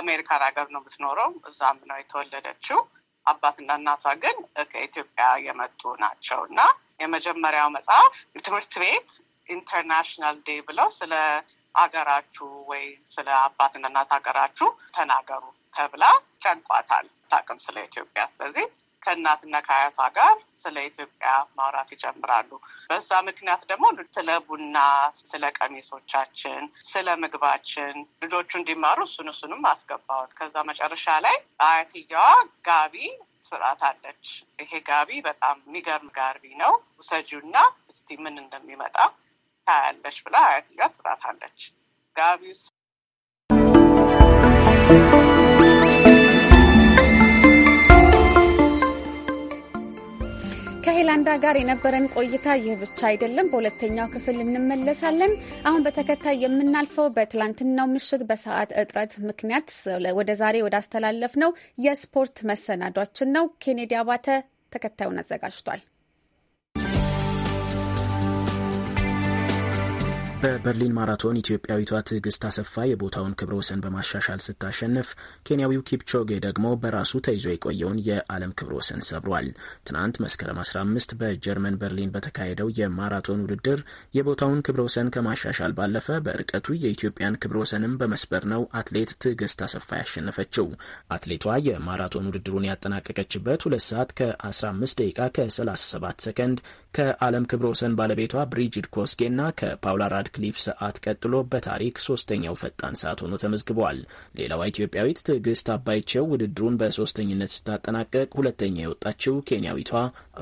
S6: አሜሪካን ሀገር ነው ብትኖረው እዛም ነው የተወለደችው። አባትና እናቷ ግን ከኢትዮጵያ የመጡ ናቸው እና የመጀመሪያው መጽሐፍ ትምህርት ቤት ኢንተርናሽናል ዴይ ብለው ስለ አገራችሁ ወይ ስለ አባትና እናት ሀገራችሁ ተናገሩ ተብላ ጨንቋታል። ታቅም ስለ ኢትዮጵያ ስለዚህ ከእናትና ከአያቷ ጋር ስለ ኢትዮጵያ ማውራት ይጀምራሉ። በዛ ምክንያት ደግሞ ስለ ቡና፣ ስለ ቀሚሶቻችን፣ ስለ ምግባችን ልጆቹ እንዲማሩ እሱን እሱንም አስገባሁት። ከዛ መጨረሻ ላይ አያትየዋ ጋቢ ስርዓት አለች። ይሄ ጋቢ በጣም የሚገርም ጋቢ ነው፣ ውሰጂውና እስቲ ምን እንደሚመጣ ታያለች ብላ አያትጋ ትላታለች። ጋቢው
S1: ከሄላንዳ ጋር የነበረን ቆይታ ይህ ብቻ አይደለም። በሁለተኛው ክፍል እንመለሳለን። አሁን በተከታይ የምናልፈው በትላንትናው ምሽት በሰዓት እጥረት ምክንያት ወደ ዛሬ አስተላለፍ ነው የስፖርት መሰናዷችን ነው። ኬኔዲ አባተ ተከታዩን አዘጋጅቷል።
S7: በበርሊን ማራቶን ኢትዮጵያዊቷ ትዕግስት አሰፋ የቦታውን ክብረ ወሰን በማሻሻል ስታሸንፍ ኬንያዊው ኪፕቾጌ ደግሞ በራሱ ተይዞ የቆየውን የዓለም ክብረ ወሰን ሰብሯል። ትናንት መስከረም 15 በጀርመን በርሊን በተካሄደው የማራቶን ውድድር የቦታውን ክብረ ወሰን ከማሻሻል ባለፈ በርቀቱ የኢትዮጵያን ክብረ ወሰንም በመስበር ነው አትሌት ትዕግስት አሰፋ ያሸነፈችው። አትሌቷ የማራቶን ውድድሩን ያጠናቀቀችበት ሁለት ሰዓት ከ15 ደቂቃ ከ37 ሰከንድ ከዓለም ክብረ ወሰን ባለቤቷ ብሪጅድ ኮስጌና ከፓውላ ራድክሊፍ ሰዓት ቀጥሎ በታሪክ ሶስተኛው ፈጣን ሰዓት ሆኖ ተመዝግቧል። ሌላዋ ኢትዮጵያዊት ትዕግስት አባይቸው ውድድሩን በሶስተኝነት ስታጠናቀቅ ሁለተኛ የወጣችው ኬንያዊቷ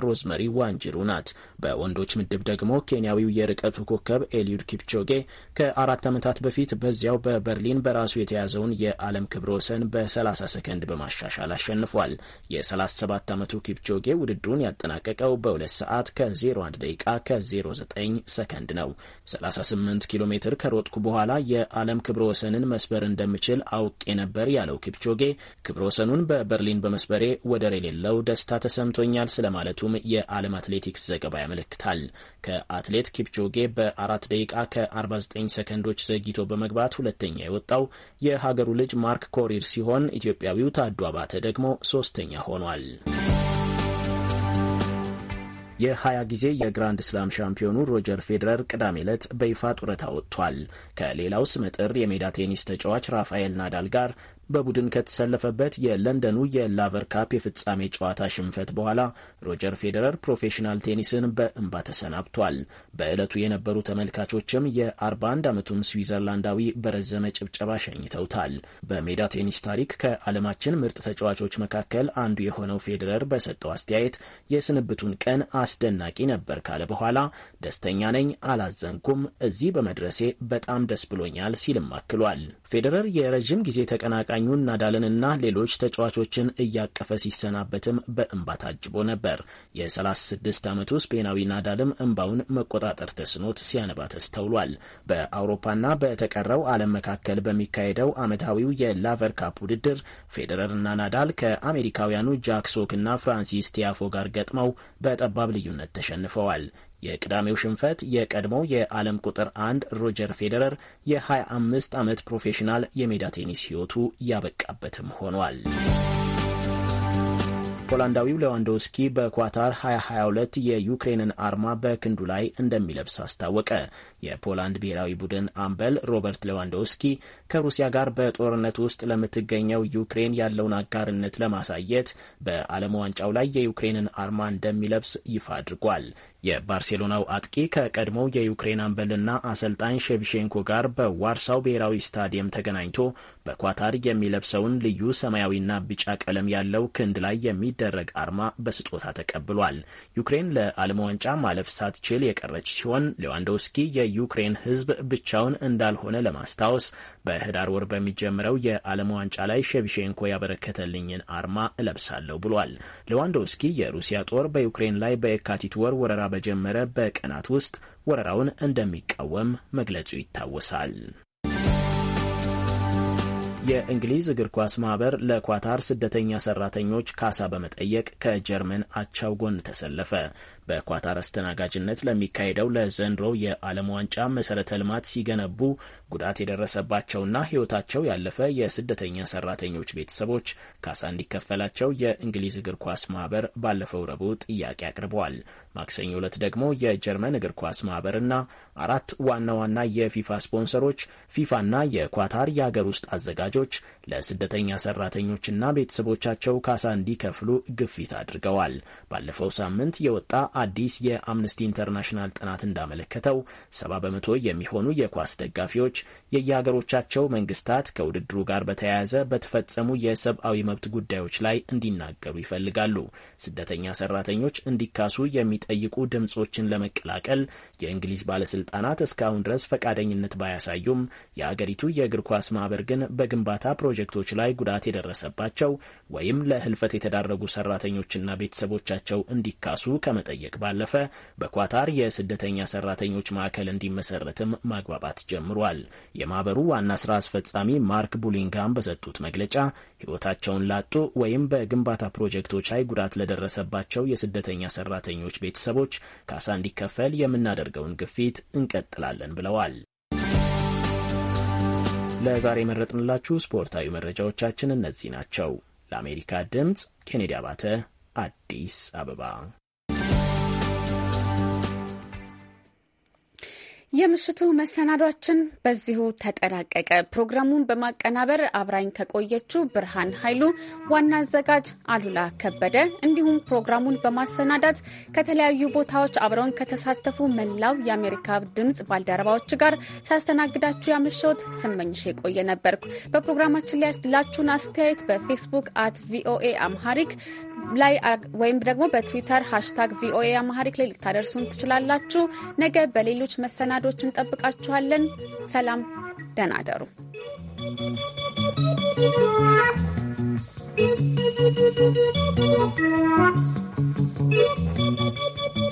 S7: ሮዝመሪ ዋንጅሩ ናት። በወንዶች ምድብ ደግሞ ኬንያዊው የርቀቱ ኮከብ ኤልዩድ ኪፕቾጌ ከአራት ዓመታት በፊት በዚያው በበርሊን በራሱ የተያዘውን የዓለም ክብረ ወሰን በ30 ሰከንድ በማሻሻል አሸንፏል። የ37 ዓመቱ ኪፕቾጌ ውድድሩን ያጠናቀቀው በ2 ሰዓት ከ01 ደቂቃ ከ09 ሰከንድ ነው። 28 ኪሎ ሜትር ከሮጥኩ በኋላ የዓለም ክብረ ወሰንን መስበር እንደምችል አውቄ ነበር ያለው ኪፕቾጌ ክብረ ወሰኑን በበርሊን በመስበሬ ወደር የሌለው ደስታ ተሰምቶኛል ስለማለቱም የዓለም አትሌቲክስ ዘገባ ያመለክታል። ከአትሌት ኪፕቾጌ በአራት ደቂቃ ከ49 ሰከንዶች ዘግይቶ በመግባት ሁለተኛ የወጣው የሀገሩ ልጅ ማርክ ኮሪር ሲሆን ኢትዮጵያዊው ታዱ አባተ ደግሞ ሶስተኛ ሆኗል። የ20 ጊዜ የግራንድ ስላም ሻምፒዮኑ ሮጀር ፌዴረር ቅዳሜ ዕለት በይፋ ጡረታ ወጥቷል። ከሌላው ስመጥር የሜዳ ቴኒስ ተጫዋች ራፋኤል ናዳል ጋር በቡድን ከተሰለፈበት የለንደኑ የላቨር ካፕ የፍጻሜ ጨዋታ ሽንፈት በኋላ ሮጀር ፌዴረር ፕሮፌሽናል ቴኒስን በእንባ ተሰናብቷል። በዕለቱ የነበሩ ተመልካቾችም የ41 ዓመቱን ስዊዘርላንዳዊ በረዘመ ጭብጨባ ሸኝተውታል። በሜዳ ቴኒስ ታሪክ ከዓለማችን ምርጥ ተጫዋቾች መካከል አንዱ የሆነው ፌዴረር በሰጠው አስተያየት የስንብቱን ቀን አስደናቂ ነበር ካለ በኋላ ደስተኛ ነኝ፣ አላዘንኩም፣ እዚህ በመድረሴ በጣም ደስ ብሎኛል ሲልም አክሏል። ፌዴረር የረዥም ጊዜ ተቀናቃኙን ናዳልንና ሌሎች ተጫዋቾችን እያቀፈ ሲሰናበትም በእንባ ታጅቦ ነበር። የ36 ዓመቱ ስፔናዊ ናዳልም እንባውን መቆጣጠር ተስኖት ሲያነባ ተስተውሏል። በአውሮፓና በተቀረው ዓለም መካከል በሚካሄደው ዓመታዊው የላቨር ካፕ ውድድር ፌዴረርና ናዳል ከአሜሪካውያኑ ጃክ ሶክ እና ፍራንሲስ ቲያፎ ጋር ገጥመው በጠባብ ልዩነት ተሸንፈዋል። የቅዳሜው ሽንፈት የቀድሞው የዓለም ቁጥር አንድ ሮጀር ፌዴረር የ25 ዓመት ፕሮፌሽናል የሜዳ ቴኒስ ሕይወቱ ያበቃበትም ሆኗል። ፖላንዳዊው ሌዋንዶስኪ በኳታር 2022 የዩክሬንን አርማ በክንዱ ላይ እንደሚለብስ አስታወቀ። የፖላንድ ብሔራዊ ቡድን አምበል ሮበርት ሌዋንዶስኪ ከሩሲያ ጋር በጦርነት ውስጥ ለምትገኘው ዩክሬን ያለውን አጋርነት ለማሳየት በዓለም ዋንጫው ላይ የዩክሬንን አርማ እንደሚለብስ ይፋ አድርጓል። የባርሴሎናው አጥቂ ከቀድሞው የዩክሬን አምበልና አሰልጣኝ ሼቭሼንኮ ጋር በዋርሳው ብሔራዊ ስታዲየም ተገናኝቶ በኳታር የሚለብሰውን ልዩ ሰማያዊና ቢጫ ቀለም ያለው ክንድ ላይ የሚ የሚደረግ አርማ በስጦታ ተቀብሏል። ዩክሬን ለዓለም ዋንጫ ማለፍ ሳትችል የቀረች ሲሆን ሌዋንዶውስኪ የዩክሬን ሕዝብ ብቻውን እንዳልሆነ ለማስታወስ በህዳር ወር በሚጀምረው የዓለም ዋንጫ ላይ ሼቭቼንኮ ያበረከተልኝን አርማ እለብሳለሁ ብሏል። ሌዋንዶውስኪ የሩሲያ ጦር በዩክሬን ላይ በየካቲት ወር ወረራ በጀመረ በቀናት ውስጥ ወረራውን እንደሚቃወም መግለጹ ይታወሳል። የእንግሊዝ እግር ኳስ ማህበር ለኳታር ስደተኛ ሰራተኞች ካሳ በመጠየቅ ከጀርመን አቻው ጎን ተሰለፈ። በኳታር አስተናጋጅነት ለሚካሄደው ለዘንድሮ የዓለም ዋንጫ መሰረተ ልማት ሲገነቡ ጉዳት የደረሰባቸውና ሕይወታቸው ያለፈ የስደተኛ ሰራተኞች ቤተሰቦች ካሳ እንዲከፈላቸው የእንግሊዝ እግር ኳስ ማህበር ባለፈው ረቡዕ ጥያቄ አቅርበዋል። ማክሰኞ ዕለት ደግሞ የጀርመን እግር ኳስ ማህበርና አራት ዋና ዋና የፊፋ ስፖንሰሮች ፊፋና የኳታር የአገር ውስጥ አዘጋጆች ለስደተኛ ሰራተኞችና ቤተሰቦቻቸው ካሳ እንዲከፍሉ ግፊት አድርገዋል። ባለፈው ሳምንት የወጣ አዲስ የአምነስቲ ኢንተርናሽናል ጥናት እንዳመለከተው ሰባ በመቶ የሚሆኑ የኳስ ደጋፊዎች የየሀገሮቻቸው መንግስታት ከውድድሩ ጋር በተያያዘ በተፈጸሙ የሰብአዊ መብት ጉዳዮች ላይ እንዲናገሩ ይፈልጋሉ። ስደተኛ ሰራተኞች እንዲካሱ የሚጠይቁ ድምጾችን ለመቀላቀል የእንግሊዝ ባለስልጣናት እስካሁን ድረስ ፈቃደኝነት ባያሳዩም የአገሪቱ የእግር ኳስ ማህበር ግን በግንባታ ፕሮጀክቶች ላይ ጉዳት የደረሰባቸው ወይም ለህልፈት የተዳረጉ ሰራተኞችና ቤተሰቦቻቸው እንዲካሱ ከመጠየቅ ከመጠየቅ ባለፈ በኳታር የስደተኛ ሰራተኞች ማዕከል እንዲመሰረትም ማግባባት ጀምሯል። የማህበሩ ዋና ስራ አስፈጻሚ ማርክ ቡሊንጋም በሰጡት መግለጫ ህይወታቸውን ላጡ ወይም በግንባታ ፕሮጀክቶች ላይ ጉዳት ለደረሰባቸው የስደተኛ ሰራተኞች ቤተሰቦች ካሳ እንዲከፈል የምናደርገውን ግፊት እንቀጥላለን ብለዋል። ለዛሬ የመረጥንላችሁ ስፖርታዊ መረጃዎቻችን እነዚህ ናቸው። ለአሜሪካ ድምፅ ኬኔዲ አባተ አዲስ አበባ
S1: የምሽቱ መሰናዷችን በዚሁ ተጠናቀቀ። ፕሮግራሙን በማቀናበር አብራኝ ከቆየችው ብርሃን ኃይሉ፣ ዋና አዘጋጅ አሉላ ከበደ እንዲሁም ፕሮግራሙን በማሰናዳት ከተለያዩ ቦታዎች አብረውን ከተሳተፉ መላው የአሜሪካ ድምፅ ባልደረባዎች ጋር ሳስተናግዳችሁ ያመሸሁት ስመኝሽ የቆየ ነበርኩ። በፕሮግራማችን ላይ ላችሁን አስተያየት በፌስቡክ አት ቪኦኤ አምሃሪክ ላይ ወይም ደግሞ በትዊተር ሃሽታግ ቪኦኤ አምሃሪክ ላይ ልታደርሱን ትችላላችሁ። ነገ በሌሎች መሰናዶ መሰናዶች እንጠብቃችኋለን። ሰላም፣ ደህና አደሩ።